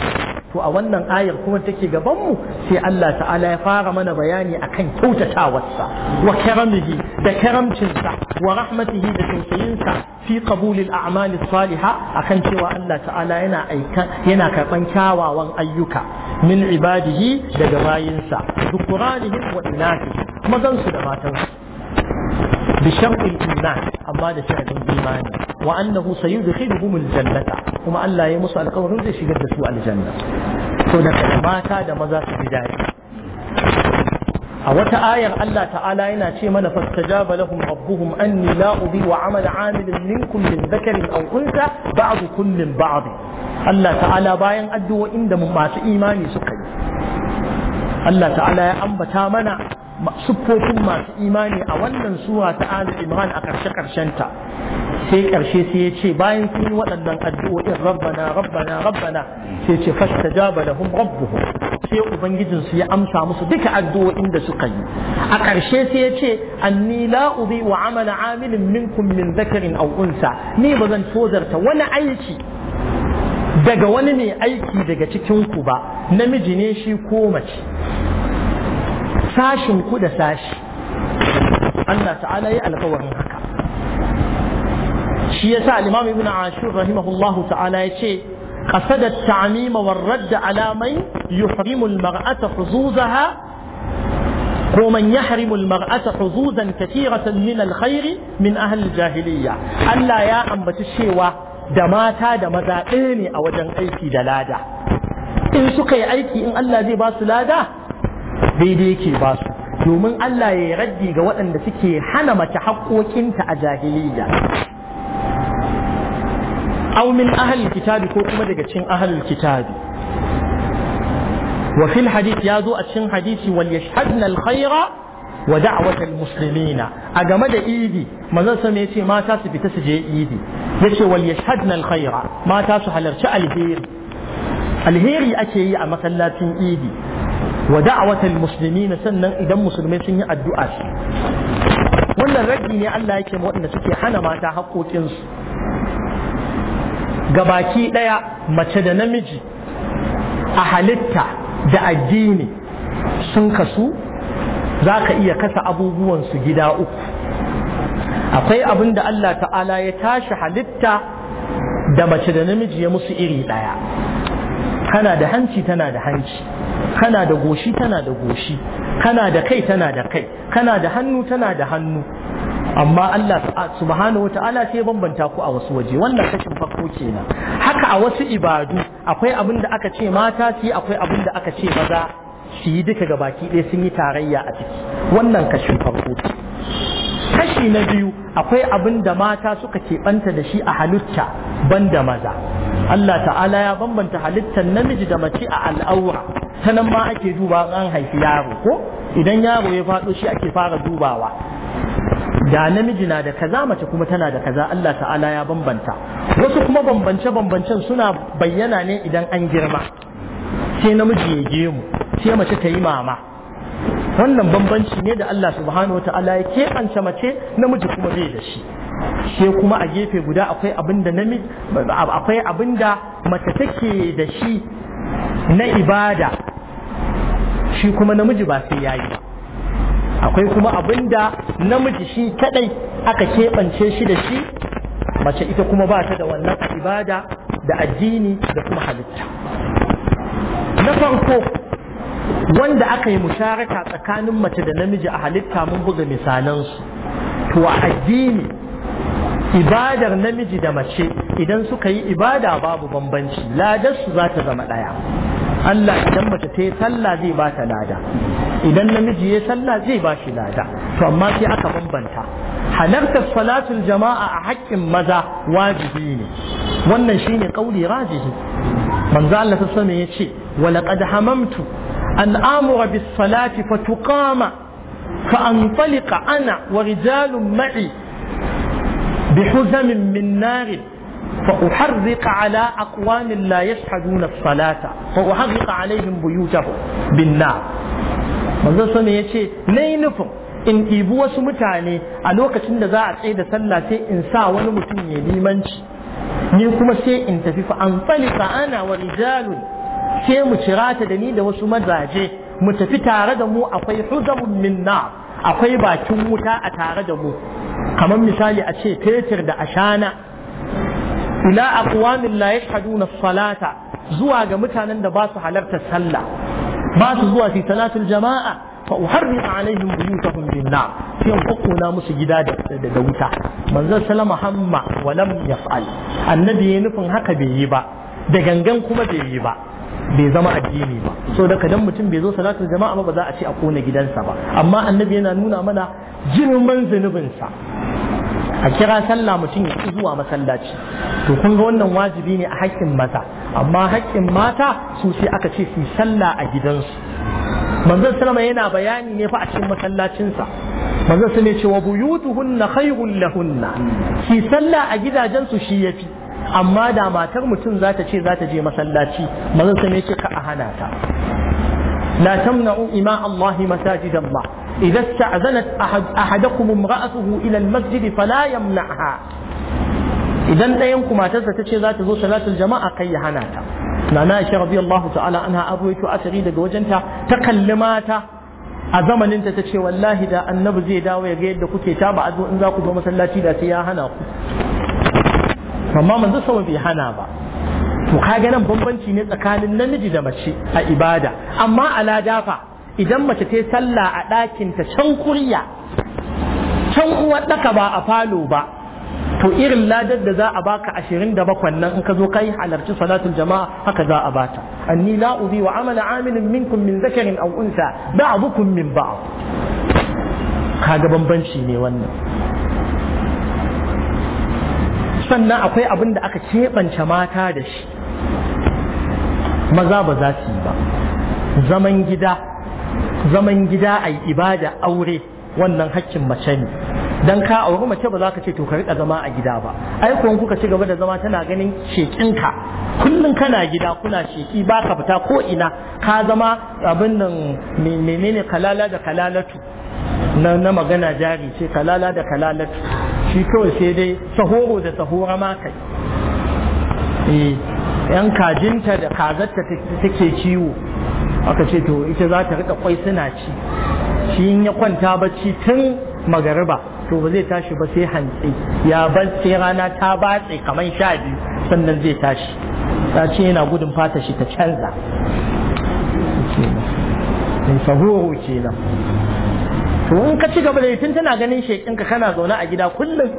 to a wannan ayar kuma take gabanmu sai Allah ta'ala ya fara mana bayani akan kyautatawarsa wa karamihi da karamcinsa wa rahmatihi da tausayinsa fi qabulil a'mali saliha akan cewa Allah ta'ala yana aika yana karban kyawawan ayyuka min ibadihi daga bayinsa dhukuranihi wa inatihi mazan su da matansu بشرط الإيمان أما ده شرط الإيمان وأنه سيدخلهم الجنة كما ألا يمس القبر زي شجر سوء الجنة فنك ما كاد مزاس بداية a wata ayar Allah ta'ala yana ce mana fastajaba lahum rabbuhum anni la ubi wa amala amilin minkum min zakarin aw unsa kullin min ba'd Allah ta'ala bayan addu'o'in da masu imani suka Allah ta'ala ya ambata mana siffofin masu imani a wannan Suwa ta ala Imran a ƙarshe ƙarshenta sai ƙarshe sai ya ce bayan sun yi waɗannan addu'o'in rabbana rabbana rabbana sai ce jaba da rabbuhum sai ubangijin ya amsa musu duka addu'o'in da suka yi a ƙarshe sai ya ce anni la wa amala amilin minkum min zakarin aw unsa ni zan tozarta wani aiki daga wani mai aiki daga cikin ku ba namiji ne shi ko mace sashin ku da sashi Allah ta'ala ya alƙawarin haka shi yasa al-Imam Ibn Ashur rahimahullah ta'ala ya ce قصد التعميم والرد على من يحرم المرأة حظوظها ومن يحرم المرأة حظوظا كثيرة من الخير من أهل الجاهلية ألا يا أم بتشيوة دماتا دمزائني أو جن أيكي دلادة إن سكي أيكي إن ألا زي باس لادة daidai yake ba su domin Allah ya raddi ga waɗanda suke hana mace haƙoƙinta a jahiliya aw min ahli kitabi ko kuma daga cikin ahli kitabi wa fil hadith ya zo a cikin hadisi wal yashhadna al khaira wa da'wat al muslimina a game da idi manzon sa ne yace mata su fita su je idi yace wal yashhadna al khaira mata su halarci alheri alheri ake yi a masallacin idi wa Musulmi na sannan idan musulmai sun yi addu'a wannan raddi ne Allah yake ma waɗanda suke hana mata Ga baki ɗaya mace da namiji a halitta da addini sun kasu za ka iya kasa abubuwansu gida uku akwai abin da Allah ta'ala ya tashi halitta da mace da namiji ya musu iri ɗaya kana da hanci tana da hanci kana da goshi tana da goshi kana da kai tana da kai kana da hannu tana da hannu amma Allah subhanahu wata'ala sai bambanta ku a wasu waje wannan kashin farko kenan haka a wasu ibadu akwai abin da aka ce mata su akwai abin da aka ce maza su yi duka gabaki ɗaya sun yi tarayya a ciki wannan kashin farko kashi na biyu akwai abin da mata suka keɓanta da shi a halitta ban da maza Allah ta'ala ya bambanta halittar namiji da mace a al'aura ta nan ma ake duba an haifi yaro ko idan yaro ya faɗo shi ake fara dubawa da namiji na da kaza mace kuma tana da kaza Allah ta'ala ya bambanta wasu kuma bambance-bambancen suna bayyana ne idan an girma sai namiji ya gemu sai mace ta yi mama wannan bambanci ne da Allah subhanahu wa ta'ala ya keɓance mace namiji kuma bai da shi sai kuma a gefe guda akwai abin da namiji akwai abin da mace take da shi na ibada shi kuma namiji ba sai yayi ba akwai kuma abin da namiji shi kadai aka keɓance shi da shi mace ita kuma ba ta da wannan ibada da addini da kuma halitta na farko wanda aka yi musharaka tsakanin mace da namiji a halitta mun buga misalansu to a addini ibadar namiji da mace idan suka yi ibada babu bambanci ladarsu za ta zama ɗaya Allah idan mace ta yi sallah zai ba ta lada idan namiji ya sallah zai ba shi lada to amma sai aka bambanta halartar salatul jama'a a haƙƙin maza wajibi ne wannan shine kauli rajihi manzo Allah ta sani yace wa laqad hamamtu أن آمر بالصلاة فتقام فأنطلق أنا ورجال معي بحزم من نار فأحرق على أقوام لا يشهدون الصلاة فأحرق عليهم بيوتهم بالنار manzon sama ya ce na yi nufin in ɗibi wasu mutane a lokacin da za a tsaye da sallah sai in sa wani mutum ya limanci ni kuma sai in tafi fa an falika ana wa rijalun sai mu cira ta da ni da wasu mazaje mu tafi tare da mu akwai huzamun minna akwai bakin wuta a tare da mu kamar misali a ce fetur da ashana ila aqwamin la yashhaduna salata zuwa ga mutanen da ba su halartar sallah ba su zuwa fi salatul jama'a fa uharriqu alaihim buyutahum bin nar sai kokona musu gida da da wuta manzon sallama hamma wa lam yaf'al annabi ya nufin haka bai yi ba da gangan kuma bai yi ba bai zama addini ba so da kadan mutum bai zo salatul jama'a ba ba za a ce a kona gidansa ba amma annabi yana nuna mana girman zunubinsa a kira sallah mutum ya zuwa masallaci to kun ga wannan wajibi ne a haƙƙin maza amma haƙƙin mata su sai aka ce su sallah a gidansu manzon salama yana bayani ne fa a cikin masallacinsa manzon sun ne hunna buyutuhunna khayrun lahunna ki sallah a gidajensu shi yafi amma da matar mutum za ta ce za ta je masallaci mazan sa ne ka a hana ta la tamna'u ima Allah masajid Allah idan sta'zanat ahadakum imra'atuhu ila al fala yamna'ha idan dayan ku matarsa ta ce za ta zo salatul jama'a kai ya hana ta nana Aisha radiyallahu ta'ala anha abuwaito asiri daga wajenta ta kalli mata a zamanin ta ce wallahi da annabi zai dawo ya ga yadda kuke ta ba in za ku zo masallaci da sai ya hana ku amma manzo sama bai hana ba to kaga nan bambanci ne tsakanin namiji da mace a ibada amma a ladafa idan mace ta sallah a ɗakinta can kurya can uwar ɗaka ba a falo ba to irin ladar da za a baka ashirin da bakwan nan in ka zo kai halarci salatul jama'a haka za a bata anni la ubi wa amala amilin minkum min zakarin aw unsa ba'dukum min ba'd kaga bambanci ne wannan sannan akwai abin da aka keɓance mata da shi maza ba za su yi ba zaman gida zaman gida a ibada aure wannan hakkin mace ne Don ka auri mace ba za ka ce to ka riƙa zama a gida ba ai kuwan kuka ci gaba da zama tana ganin shekinka kullum kana gida kuna sheki ba ka fita ko ina ka zama abin nan menene kalala da kalalatu na magana jari ce kalala da kalalatu shi kawai sai dai sahoro da sahora ma kai eh, yan kajinta da kazarta take ciwo aka ce to ita za ta rika kwai suna ci shi in ya kwanta bacci tun magariba to ba zai tashi ba sai hantsi ya bar sai rana ta batse kamar sha biyu sannan zai tashi ta ce yana gudun fata shi ta canza eh, sahoro kenan to in ka ci gaba da tun tana ganin shekin ka kana zaune a gida kullum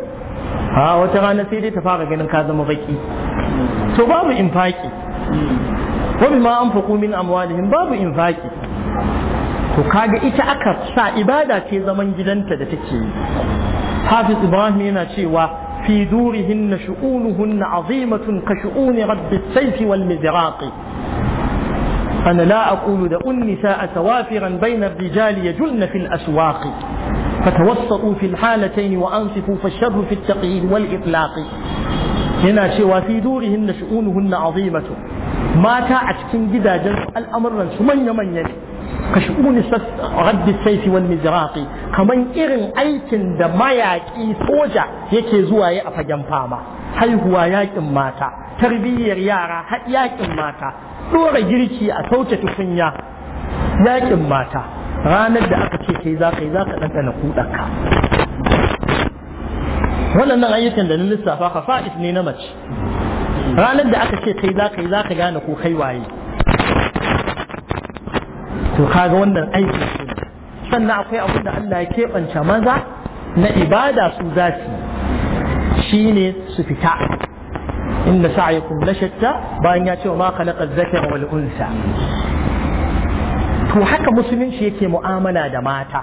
a wata rana sai dai ta fara ganin ka zama baki to babu infaki wa bima anfaqu min amwalihim babu infaki to kaga ita aka sa ibada ce zaman gidanta da take yi hafiz ibrahim yana cewa fi durihinna shu'unuhunna azimatun ka shu'uni rabbi sayfi wal mizraqi أنا لا أقول دعوا النساء توافرا بين الرجال يجن في الأسواق فتوسطوا في الحالتين وأنصفوا فالشر في التقييد والإطلاق هنا شوى في دورهن شؤونهن عظيمة ما تعت كن a cikin gidajen al'amuran يمن manya ka shi'uni raddi saifi wal mizraqi kaman irin aikin da mayaki soja yake zuwa yi a fagen fama haihuwa yaƙin mata tarbiyyar yara har yaƙin mata ɗora girki a sauke tukunya yaƙin mata ranar da aka ce kai za ka yi za ka Wannan kuɗanka waɗannan ayyukan da na lissafa ka fa'is ne na mace ranar da aka ce kai za ka za ka gane ko kai waye to kaga wannan aiki sannan akwai abin da Allah ya keɓance maza na ibada su za su ne su fita inna sa'yakum la shatta bayan ya ce wa ma khalaqa dhakara wal unsa to haka musulunci yake mu'amala da mata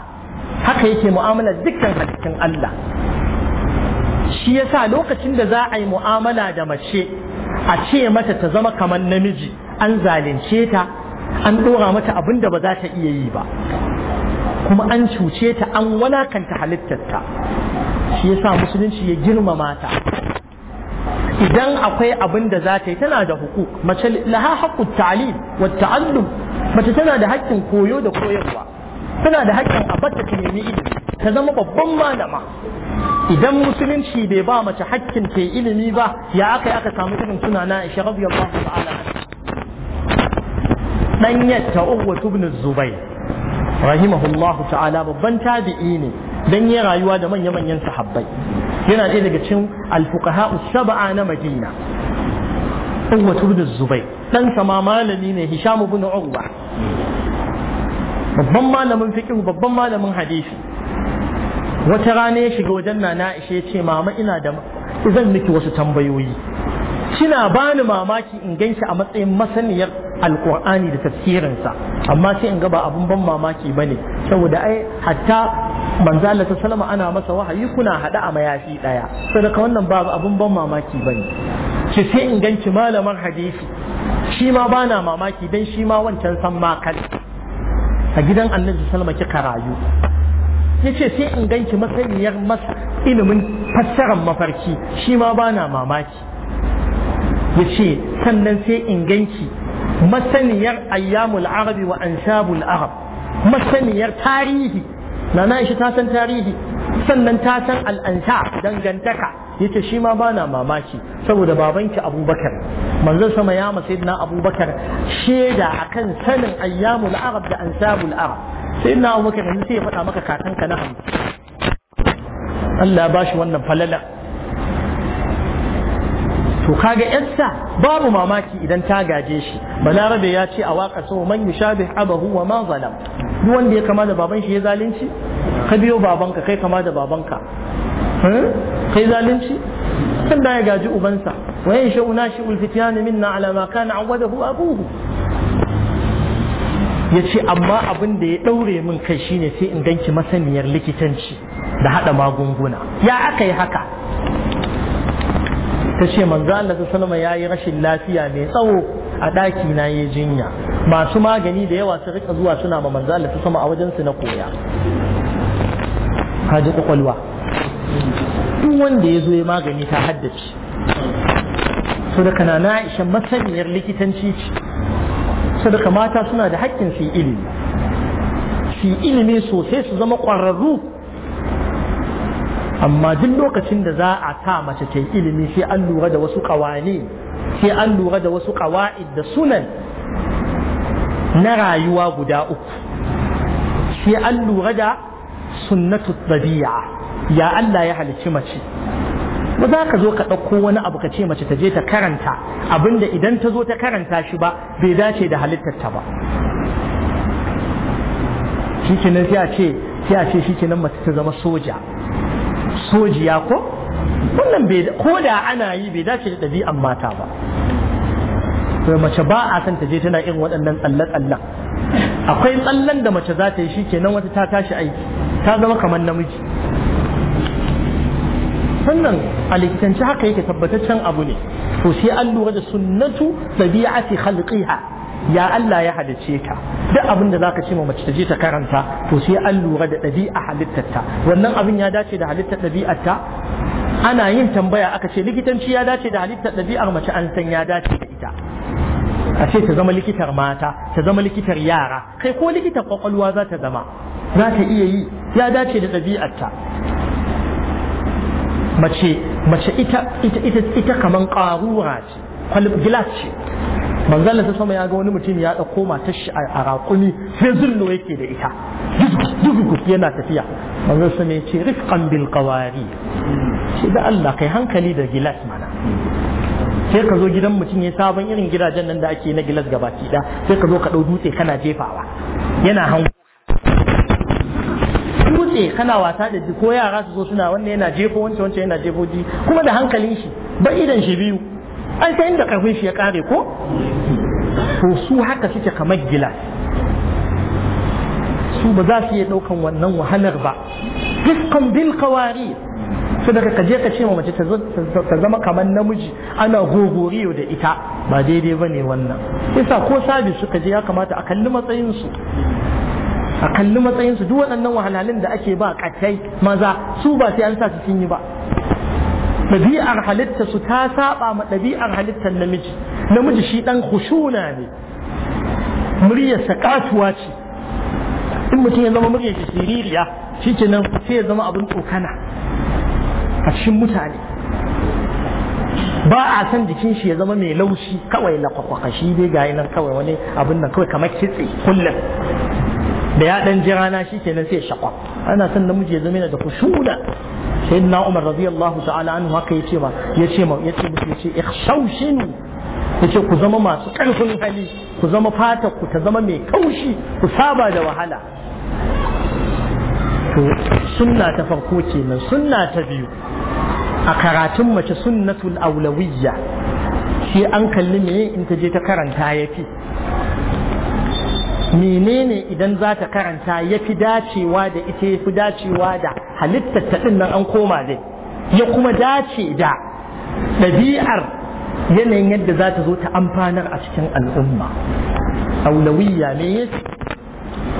haka yake mu'amala dukkan halittun Allah shi yasa lokacin da za a yi mu'amala da mace a ce mata ta zama kamar namiji an zalunce ta an ɗora mata abin da ba za ta iya yi ba kuma an cuce ta an walakanta halittarta shi yasa musulunci ya girmama ta idan akwai abin da za ta yi tana da hukuk mace laha haƙƙun ta'lim wa ta'allum mace tana da haƙƙin koyo da koyarwa tana da haƙƙin abarta ta nemi ilimi ta zama babban malama idan musulunci bai ba mace haƙƙin ta ilimi ba ya aka aka samu irin suna na Aisha radiyallahu ta'ala ɗanyar ta urwatu zubai rahimahullahu ta'ala babban tabi'i ne dan yi rayuwa da manya-manyan sahabbai yana ɗaya daga cikin alfuqaha saba'a na madina Uwa tubin zubai dan sama malami ne hisham ibn urwa babban malamin fiqh babban malamin hadisi wata rana ya shiga wajen nana ishe ya ce mama ina da zan miki wasu tambayoyi kina bani mamaki in ganshi a matsayin masaniyar alkur'ani da tafsirinsa amma sai in ga ba abun ban mamaki ba ne saboda ai hatta manzala ta salama ana masa wahayi kuna hada a mayafi daya saboda wannan ba abun ban mamaki bane ce sai in ganci malamar hadisi shi ma bana mamaki don shi ma wancan san makal a gidan annabi salama kika rayu ya ce sai in ganci masaniyar mas ilimin fassarar mafarki shi ma bana mamaki ya ce sannan sai in ganci. masaniyar ayyamul arabi wa anshabul arab masaniyar tarihi na na shi ta san tarihi sannan ta san al'ansha dangantaka yace shi ma bana mamaki saboda babanki abubakar manzon sama ya ma sayyidina abubakar sheda akan sanin ayyamul arab da ansabul arab sayyidina abubakar yanzu sai ya faɗa maka kakanka na hamsin Allah ya bashi wannan falala to kaga yarsa babu mamaki idan ta gaje shi balarabe ya ce a waka sau man yushabih abahu wa ma zalam duk wanda ya kama da baban shi ya zalunci ka biyo babanka kai kama da babanka eh? kai zalunci kan da ya gaji ubansa wa yan sha'u nashi ulfitiyani minna na ma kana awadahu abuhu ya ce amma abin da ya ɗaure min kai shine sai in ganki masaniyar likitanci da haɗa magunguna ya aka yi haka ta ce manzo Allah ta salama ya yi rashin lafiya mai tsawo a ɗaki na ya jinya masu magani da yawa su rika zuwa suna ma manzo Allah ta sama a wajen su na koya haji kwakwalwa duk wanda ya zo ya magani ta haddace Su da kana na isha masaniyar likitanci ce Su da mata suna da haƙƙin su yi ilimi su yi ilimi sosai su zama ƙwararru amma duk lokacin da za a ta mace ta ilimi sai an lura da wasu kawani sai an lura da wasu kawa'id da sunan na rayuwa guda uku sai an lura da sunnatu tabi'a ya Allah ya halicci mace ba za ka zo ka ɗauko wani abu ka ce mace ta je ta karanta abinda idan ta zo ta karanta shi ba bai dace da halittarta ba shi kenan sai a ce sai a ce shi kenan mace ta zama soja sojiya ko wannan ko da ana yi bai dace da ɗabi'an mata ba to mace ba a san ta je tana irin waɗannan tsalle-tsallen akwai tsallen da mace za ta yi shi kenan wata ta tashi aiki ta zama kamar namiji sannan a likitanci haka yake tabbataccen abu ne to sai an lura da sunnatu ɗabi'ati khalqiha ya Allah ya halice ta duk abin da zaka ce ma mace ta je ta karanta to sai an lura da ɗabi'a halittarta wannan abin ya dace da halittar ɗabi'arta ana yin tambaya aka ce likitanci ya dace da halittar ɗabi'ar mace an san ya dace da ita a ce ta zama likitar mata ta zama likitar yara kai ko likitar kwakwalwa za ta zama za ta iya yi ya dace da ɗabi'arta mace mace ita ita ita, ita kaman ƙarura ce gilas ce manzon ta sama ya ga wani mutum ya ɗauko matar shi a raƙumi sai zurno yake da ita duk yana tafiya manzon sun ya ce rifqan bil qawari shi da Allah kai hankali da gilas mana sai ka zo gidan mutum ya sabon irin gidajen nan da ake na gilas gabaci. da sai ka zo ka ɗau dutse kana jefawa yana hango dutse kana wasa da ko yara su zo suna wannan yana jefo wancan wancan yana jefo ji kuma da hankalin shi ba idan shi biyu ai sai inda karfin shi ya kare ko to su haka suke kamar gila su ba za su iya ɗaukan wannan wahalar ba fiskan bil kawari su daga kaje ka ce ma mace ta zama kamar namiji ana gogoriyo da ita ba daidai ba ne wannan yasa ko sabis suka je ya kamata a kalli matsayinsu a kalli matsayinsu duk waɗannan wahalhalun da ake ba katai maza su ba sai an sa su sun yi ba ɗabi'ar halitta su ta saba ma ɗabi'ar halittar namiji namiji shi ɗan hushuna ne muryarsa kasuwa ce in mutum ya zama muryar siririya shi ke nan sai ya zama abin tsokana a cikin mutane ba a san jikin shi ya zama mai laushi kawai kwakwaka shi dai ga nan kawai wani abin nan kawai kamar kitse kullum da ya ɗan rana shi ke nan sai shakwa ana son namiji ya zama yana da hushuna sayyidina umar radiyallahu ta'ala anhu haka yace ma yace ma yace musu yace ikhshawshinu yace ku zama masu karfin hali ku zama fata ku ta zama mai kaushi ku saba da wahala to sunna ta farko kenan sunna ta biyu a karatun mace sunnatul aulawiyya shi an kalli me in ta je ta karanta yafi menene idan za ta karanta ya fi dacewa da ita ya fi dacewa da halittar ta ɗin nan an koma zai? ya kuma dace da ɗabi'ar yanayin yadda za ta zo ta amfanar a cikin al'umma aulawiyya ne ya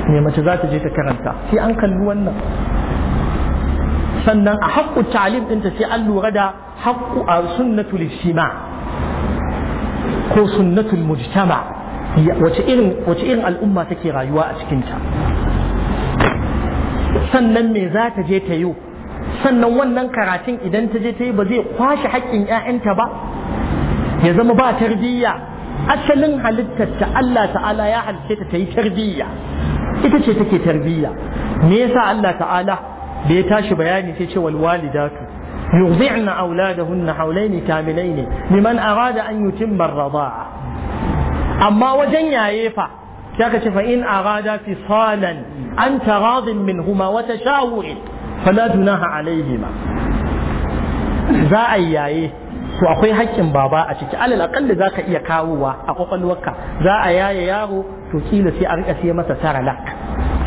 ne mace za ta je ta karanta sai an kalli wannan sannan a haƙƙu talim ɗinta sai an lura da haƙƙu a sunnatul shima ko sunnatul mujtama' wace irin wace irin al'umma take rayuwa a cikinta sannan me za ta je ta yi sannan wannan karatun idan ta je ta yi ba zai kwashe haƙƙin 'ya'yanta ba ya zama ba tarbiyya asalin halittar ta Allah ta'ala ya halice ta ta yi tarbiyya ita ce take tarbiyya me yasa Allah ta'ala da ya tashi bayani sai ce wal walidatu yurdi'na auladahunna hawlaini kamilaini liman arada an yutimma ar-rida'a amma wajen yaye fa sai ka ce fa in arada fisalan an taradin minhuma wa tashawurin na junaha alaihima za a yaye to akwai haƙƙin baba a ciki alal aƙalli za ka iya kawowa a ƙwaƙwalwarka za a yaye yaro to kila sai a rika sai masa saralak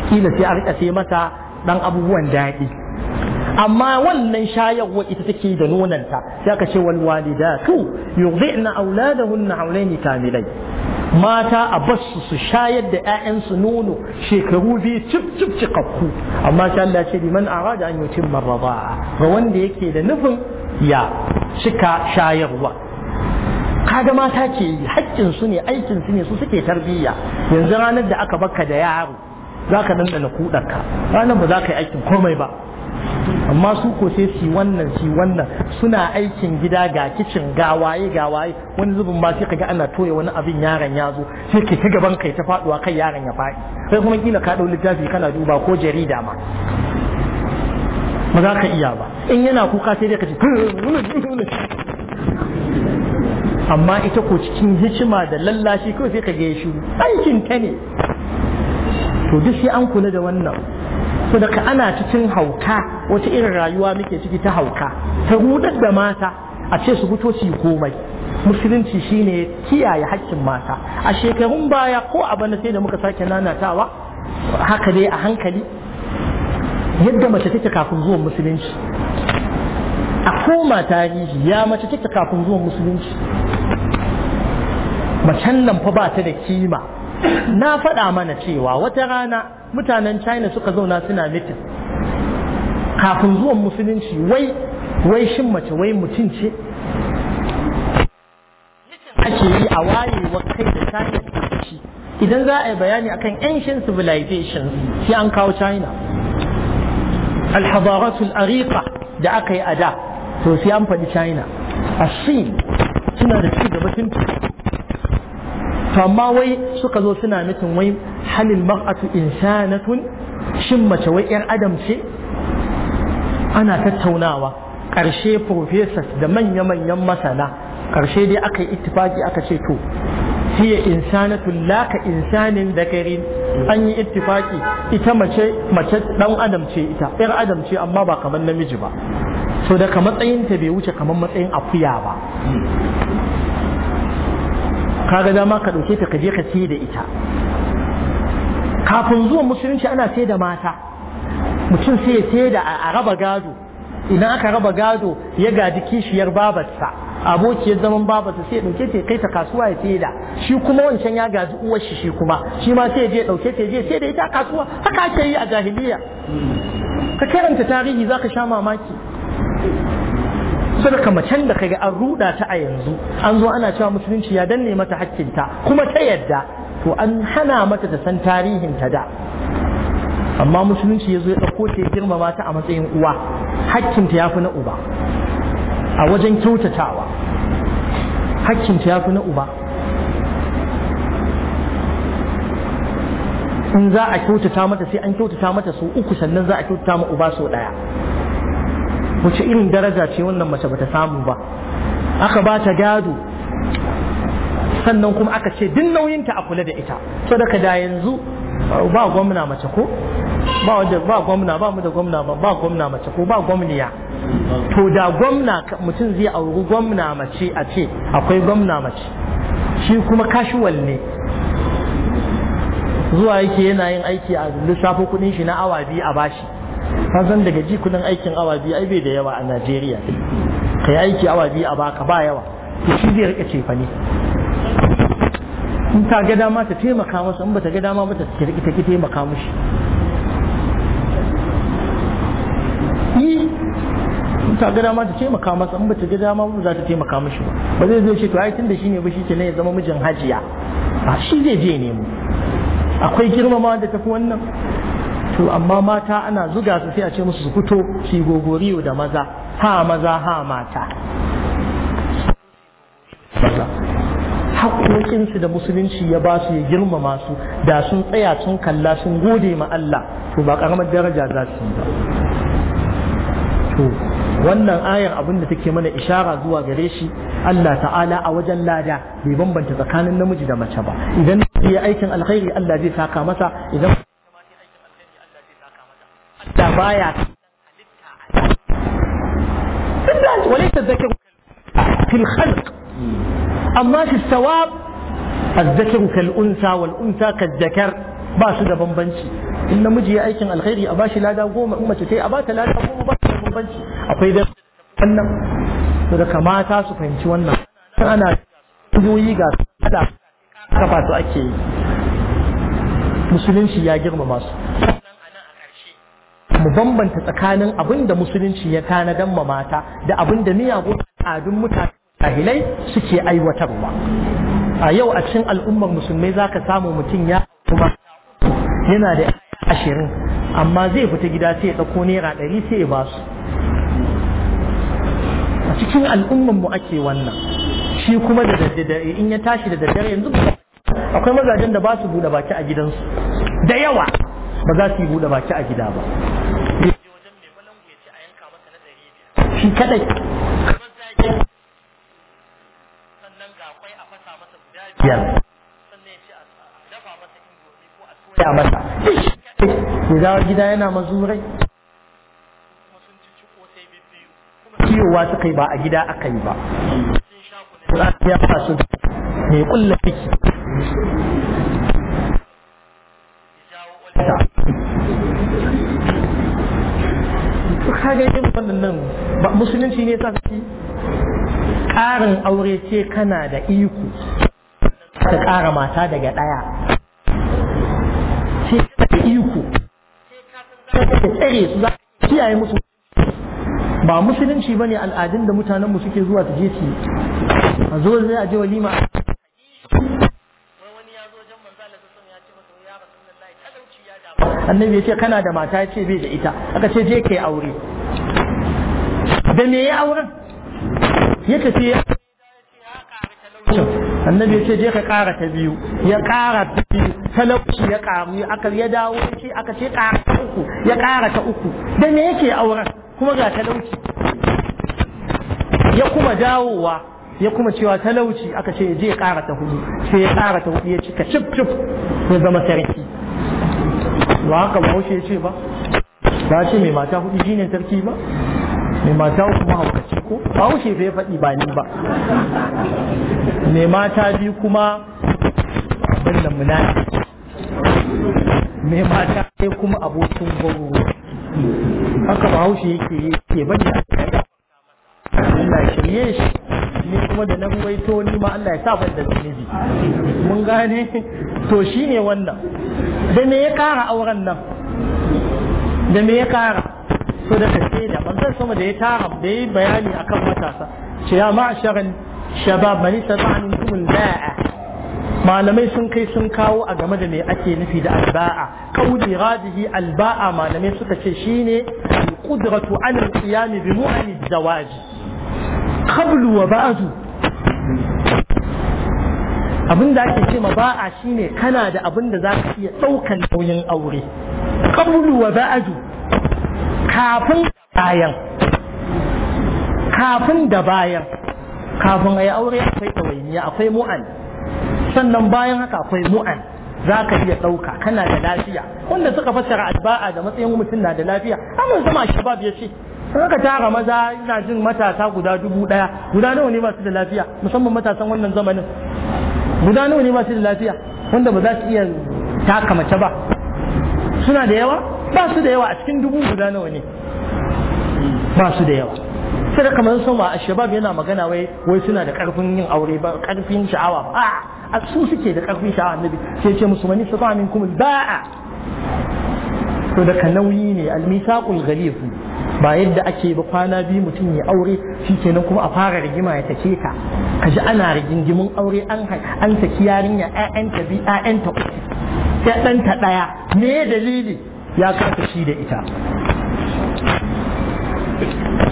kila sai a rika sai masa ɗan abubuwan daɗi amma wannan shayarwa ita take da nonanta sai ka ce wal walidatu yughdina auladahunna hawlaini kamilai mata a basu su shayar da 'ya'yansu nono shekaru biyu cif cif cikakku amma sai Allah ce liman arada an yutim marraba ga wanda yake da nufin ya cika shayarwa kaga mata ke yi haƙƙin su ne aikin su ne su suke tarbiyya yanzu ranar da aka baka da yaro zaka dandana kudanka ranar ba za ka yi aikin komai ba amma su ko sai su wannan su wannan suna aikin gida ga kicin ga waye ga waye wani zubin ba sai kaga ana toye wani abin yaron ya zo sai ke ta gaban kai ta faduwa kai yaron ya faɗi sai kuma kila ka ɗau littafi kana duba ko jarida ma ba za ka iya ba in yana kuka sai dai ka ce amma ita ko cikin hikima da lallashi kawai sai ka ga ya shiru aikin ta ne to duk sai an kula da wannan so daga ana cikin hauka wata irin rayuwa muke ciki ta hauka ta hudar da mata a ce su fito su yi komai musulunci shine kiyaye haƙƙin mata a shekarun baya ko a bana sai da muka sake nanatawa haka dai a hankali yadda mace take kafin zuwan musulunci a koma tarihi ya mace take kafin zuwan musulunci macen nan fa ba ta da kima na faɗa mana cewa wata rana mutanen china suka zauna suna mitin kafin zuwan musulunci wai wai shin mace wai mutum ce ake yi a wayewa kai da china shi idan za a yi bayani akan ancient civilization sai an kawo china alhabaratul ariqa da aka yi a da to sai an faɗi china a suna da ci gaba tun to amma wai suka zo suna nufin wai halin mar'atu insanatun shin mace wai yar adam ce ana tattaunawa ƙarshe professors da manya-manyan masana ƙarshe dai aka yi ittifaki aka ce to hiya insanatun laka insanin dakarin an yi ittifaki ita mace mace dan adam ce ita yar adam ce amma ba kamar namiji ba so daga matsayinta bai wuce kamar matsayin akuya ba ka ga dama ka ɗauke ta ka ka sai da ita kafin zuwan musulunci ana sai da mata mutum sai ya sai da a raba gado idan aka raba gado ya gaji kishiyar babarsa abokiyar zaman babarsa sai ya ɗauke ta kai ta kasuwa ya sai da shi kuma wancan ya gaji uwar shi shi kuma shi ma sai ya je ɗauke ta je sai da ita a kasuwa haka ake yi a jahiliya ka karanta tarihi za ka sha mamaki saboda macen da kaga an ruda ta a yanzu an zo ana cewa musulunci ya danne mata hakkinta kuma ta yadda to an hana mata ta san tarihin ta da amma musulunci ya zo ya ɗauko ta girmama ta a matsayin uwa hakkinta ya fi na uba a wajen kyautatawa hakkinta ya fi na uba in za a kyautata mata sai an kyautata mata sau uku sannan za a kyautata ma uba sau ɗaya wace irin daraja ce wannan mace bata samu ba aka ba ta gado sannan kuma aka ce duk nauyinta a kula da ita to daga da yanzu ba gwamna mace ko ba wanda ba gwamna ba mu da gwamna ba ba gwamna mace ko ba gwamniya to da gwamna mutum zai auri gwamna mace a ce akwai gwamna mace shi kuma kashuwal ne zuwa yake yana yin aiki a lissafo kudin shi na awa biyu a bashi ka san daga ji kudin aikin awa biyu ai bai da yawa a Najeriya kai aiki awa biyu a baka ba yawa to shi zai rika cefa ne in ta ga dama ta taimaka masa in ba ta ga dama ba ta ta ki taimaka mushi in ta ga dama ta taimaka masa in ba ta ga dama ba za ta taimaka mushi ba ba zai zo shi to ai tun da shi ne ba shi ke ne ya zama mijin hajiya ba shi zai je nemo akwai girmama da tafi wannan to amma mata ana zuga su sai a ce musu su fito su gogoriyo da maza ha maza ha mata haƙoƙinsu da musulunci ya ba su ya girmama su da sun tsaya sun kalla sun gode ma Allah to ba ƙaramar daraja za su yi ba to wannan ayar abin da take mana ishara zuwa gare shi Allah ta'ala a wajen lada bai bambanta tsakanin namiji da mace ba idan ya aikin alkhairi Allah zai saka masa idan Allah baya halitta وليس الذكر في الخلق أما في الثواب الذكر كالأنثى والأنثى كالذكر باش ده بنبنشي إن مجي أيكن الخير أباشي لا ده قوم أمة تي أبات لا ده قوم باش ده بنبنشي أقول ذا أنم وده كما تاسو فهمتي وانا أنا تجوي غاس هذا كفاتو أكي musulunci يا girmama ماسو mu bambanta tsakanin abin da musulunci ya tanadan ma mata da abin da miyagun al'adun mutane jahilai suke aiwatarwa a yau a cikin al'ummar musulmai za ka samu mutum ya kuma yana da ashirin amma zai fita gida sai ya ɗauko naira ɗari sai ya basu a cikin al'ummar mu ake wannan shi kuma da daddare in ya tashi da daddare yanzu akwai mazajen da ba su buɗe baki a gidansu da yawa ba za su yi buɗe baki a gida ba kadai ga kwai a fasa biyar sannan ya ce a dafa masa ingomi ko a soya masa ya dawo gida yana mazurai ciwowa suka yi ba a gida aka yi ba ya fasu mai kulla fiki kaga irin waɗannan ba musulunci ne sa kake ƙarin aure ce kana da iko ta ƙara mata daga ɗaya ce ta da iko sai ta tsere su za ka kiyaye musu ba musulunci ba ne al'adun da mutanenmu suke zuwa su je su a zo zai a je walima annabi ya ce kana da mata ya ce bai da ita aka ce je kai aure da me ya auren ya tafi ya annabi ya ce je ka ƙara ta biyu ya ƙara ta biyu talauci ya ƙaru aka ya dawo ya ce aka ce ƙara ta uku ya ƙara ta uku da me yake auren kuma ga talauci ya kuma dawowa ya kuma cewa talauci aka ce je ya ƙara ta hudu sai ya ƙara ta hudu ya cika cif cif ya zama sarki ba haka ba ya ce ba ta ce mai mata hudu shine sarki ba mai mata uku mahaukaci ko haushe fa ya faɗi ba ni ba mai mata biyu kuma abin da munani mai mata ne kuma abokin gwagwaro haka ba haushe yake yake bane Allah ya shirye shi ni kuma da nan waito ni ma Allah ya sa ban da zunubi mun gane to shine wannan da me ya kara auren nan da me ya kara so da kace da manzon sama da ya tara da yi bayani akan matasa ce ya ma'asharan shabab man istata'a minkum malamai sun kai sun kawo a game da me ake nufi da alba'a kauli radihi alba'a malamai suka ce shine al-qudratu 'ala al-qiyam bi mu'ani az-zawaj qablu wa ba'du abin da ake ce ma ba'a shine kana da abin da za ka iya ɗaukan nauyin aure qablu wa ba'du kafin bayan kafin da bayan kafin ayi aure akwai tawainiya akwai mu'an sannan bayan haka akwai mu'an za ka iya ɗauka kana da lafiya wanda suka fassara alba'a da matsayin mutum na da lafiya amma zama shabab ya ce ka tara maza ina jin matasa guda dubu ɗaya guda nawa ne masu da lafiya musamman matasan wannan zamanin guda nawa ne masu da lafiya wanda ba za su iya taka mace ba suna da yawa ba su da yawa a cikin dubu guda nawa ne ba su da yawa sai da kamar sun a shabab yana magana wai wai suna da karfin yin aure ba karfin sha'awa ba a su suke da karfin sha'awa annabi Ke ce musulmani su sa min kuma ba'a to daga nauyi ne almisaqul ghalib ba yadda ake ba kwana bi mutum ya aure shi shikenan kuma a fara rigima ya take ka kaji ana rigingimin aure an an saki yarinya ƴaƴanta bi ƴaƴanta ɗanta ɗaya me dalili ya kasa shi da ita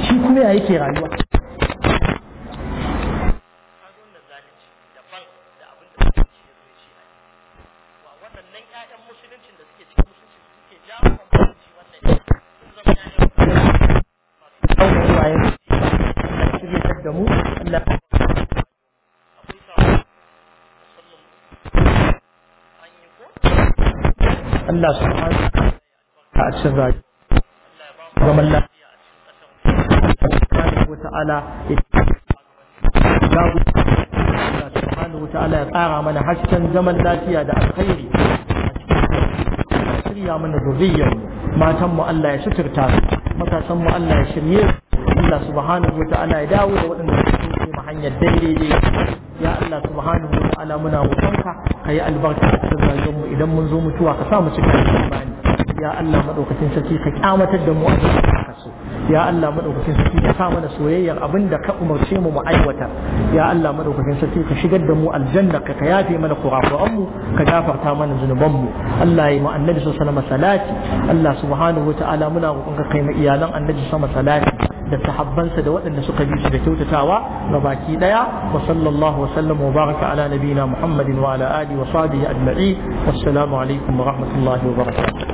shi kuma ya yake rayuwa Allah subhanahu wa ta'ala a cikin rayuwa subhanahu wa ta'ala ya subhanahu wa ta'ala ya tsara mana hasken zaman lafiya da alkhairi shirya mana zuriyar matan mu Allah ya suturta su matasan mu Allah ya shirye Allah subhanahu wa ta'ala ya dawo da waɗanda suke hanyar daidai ya Allah subhanahu wa ta'ala muna roƙonka ka yi albarka a cikin rayuwar mu idan mun zo mutuwa ka sa mu cika da imani ya Allah madaukakin sarki ka kyamatar da mu a cikin so ya Allah madaukakin sarki ka sa mana soyayyar abin da ka umarce mu mu aiwata ya Allah madaukakin sarki ka shigar da mu aljanna ka ka yafe mana kurakuranmu ka gafarta mana zunuban mu Allah ya mu annabi sallallahu alaihi wasallam salati Allah subhanahu wa ta'ala muna roƙonka kai mu iyalan annabi sallallahu alaihi salati da sahabbansa da waɗanda suka bi su da kyautatawa ga baki ɗaya wa sallallahu wa sallam wa baraka ala nabiyina muhammadin wa ala alihi wa sahbihi ajma'in wassalamu alaikum wa rahmatullahi wa barakatuh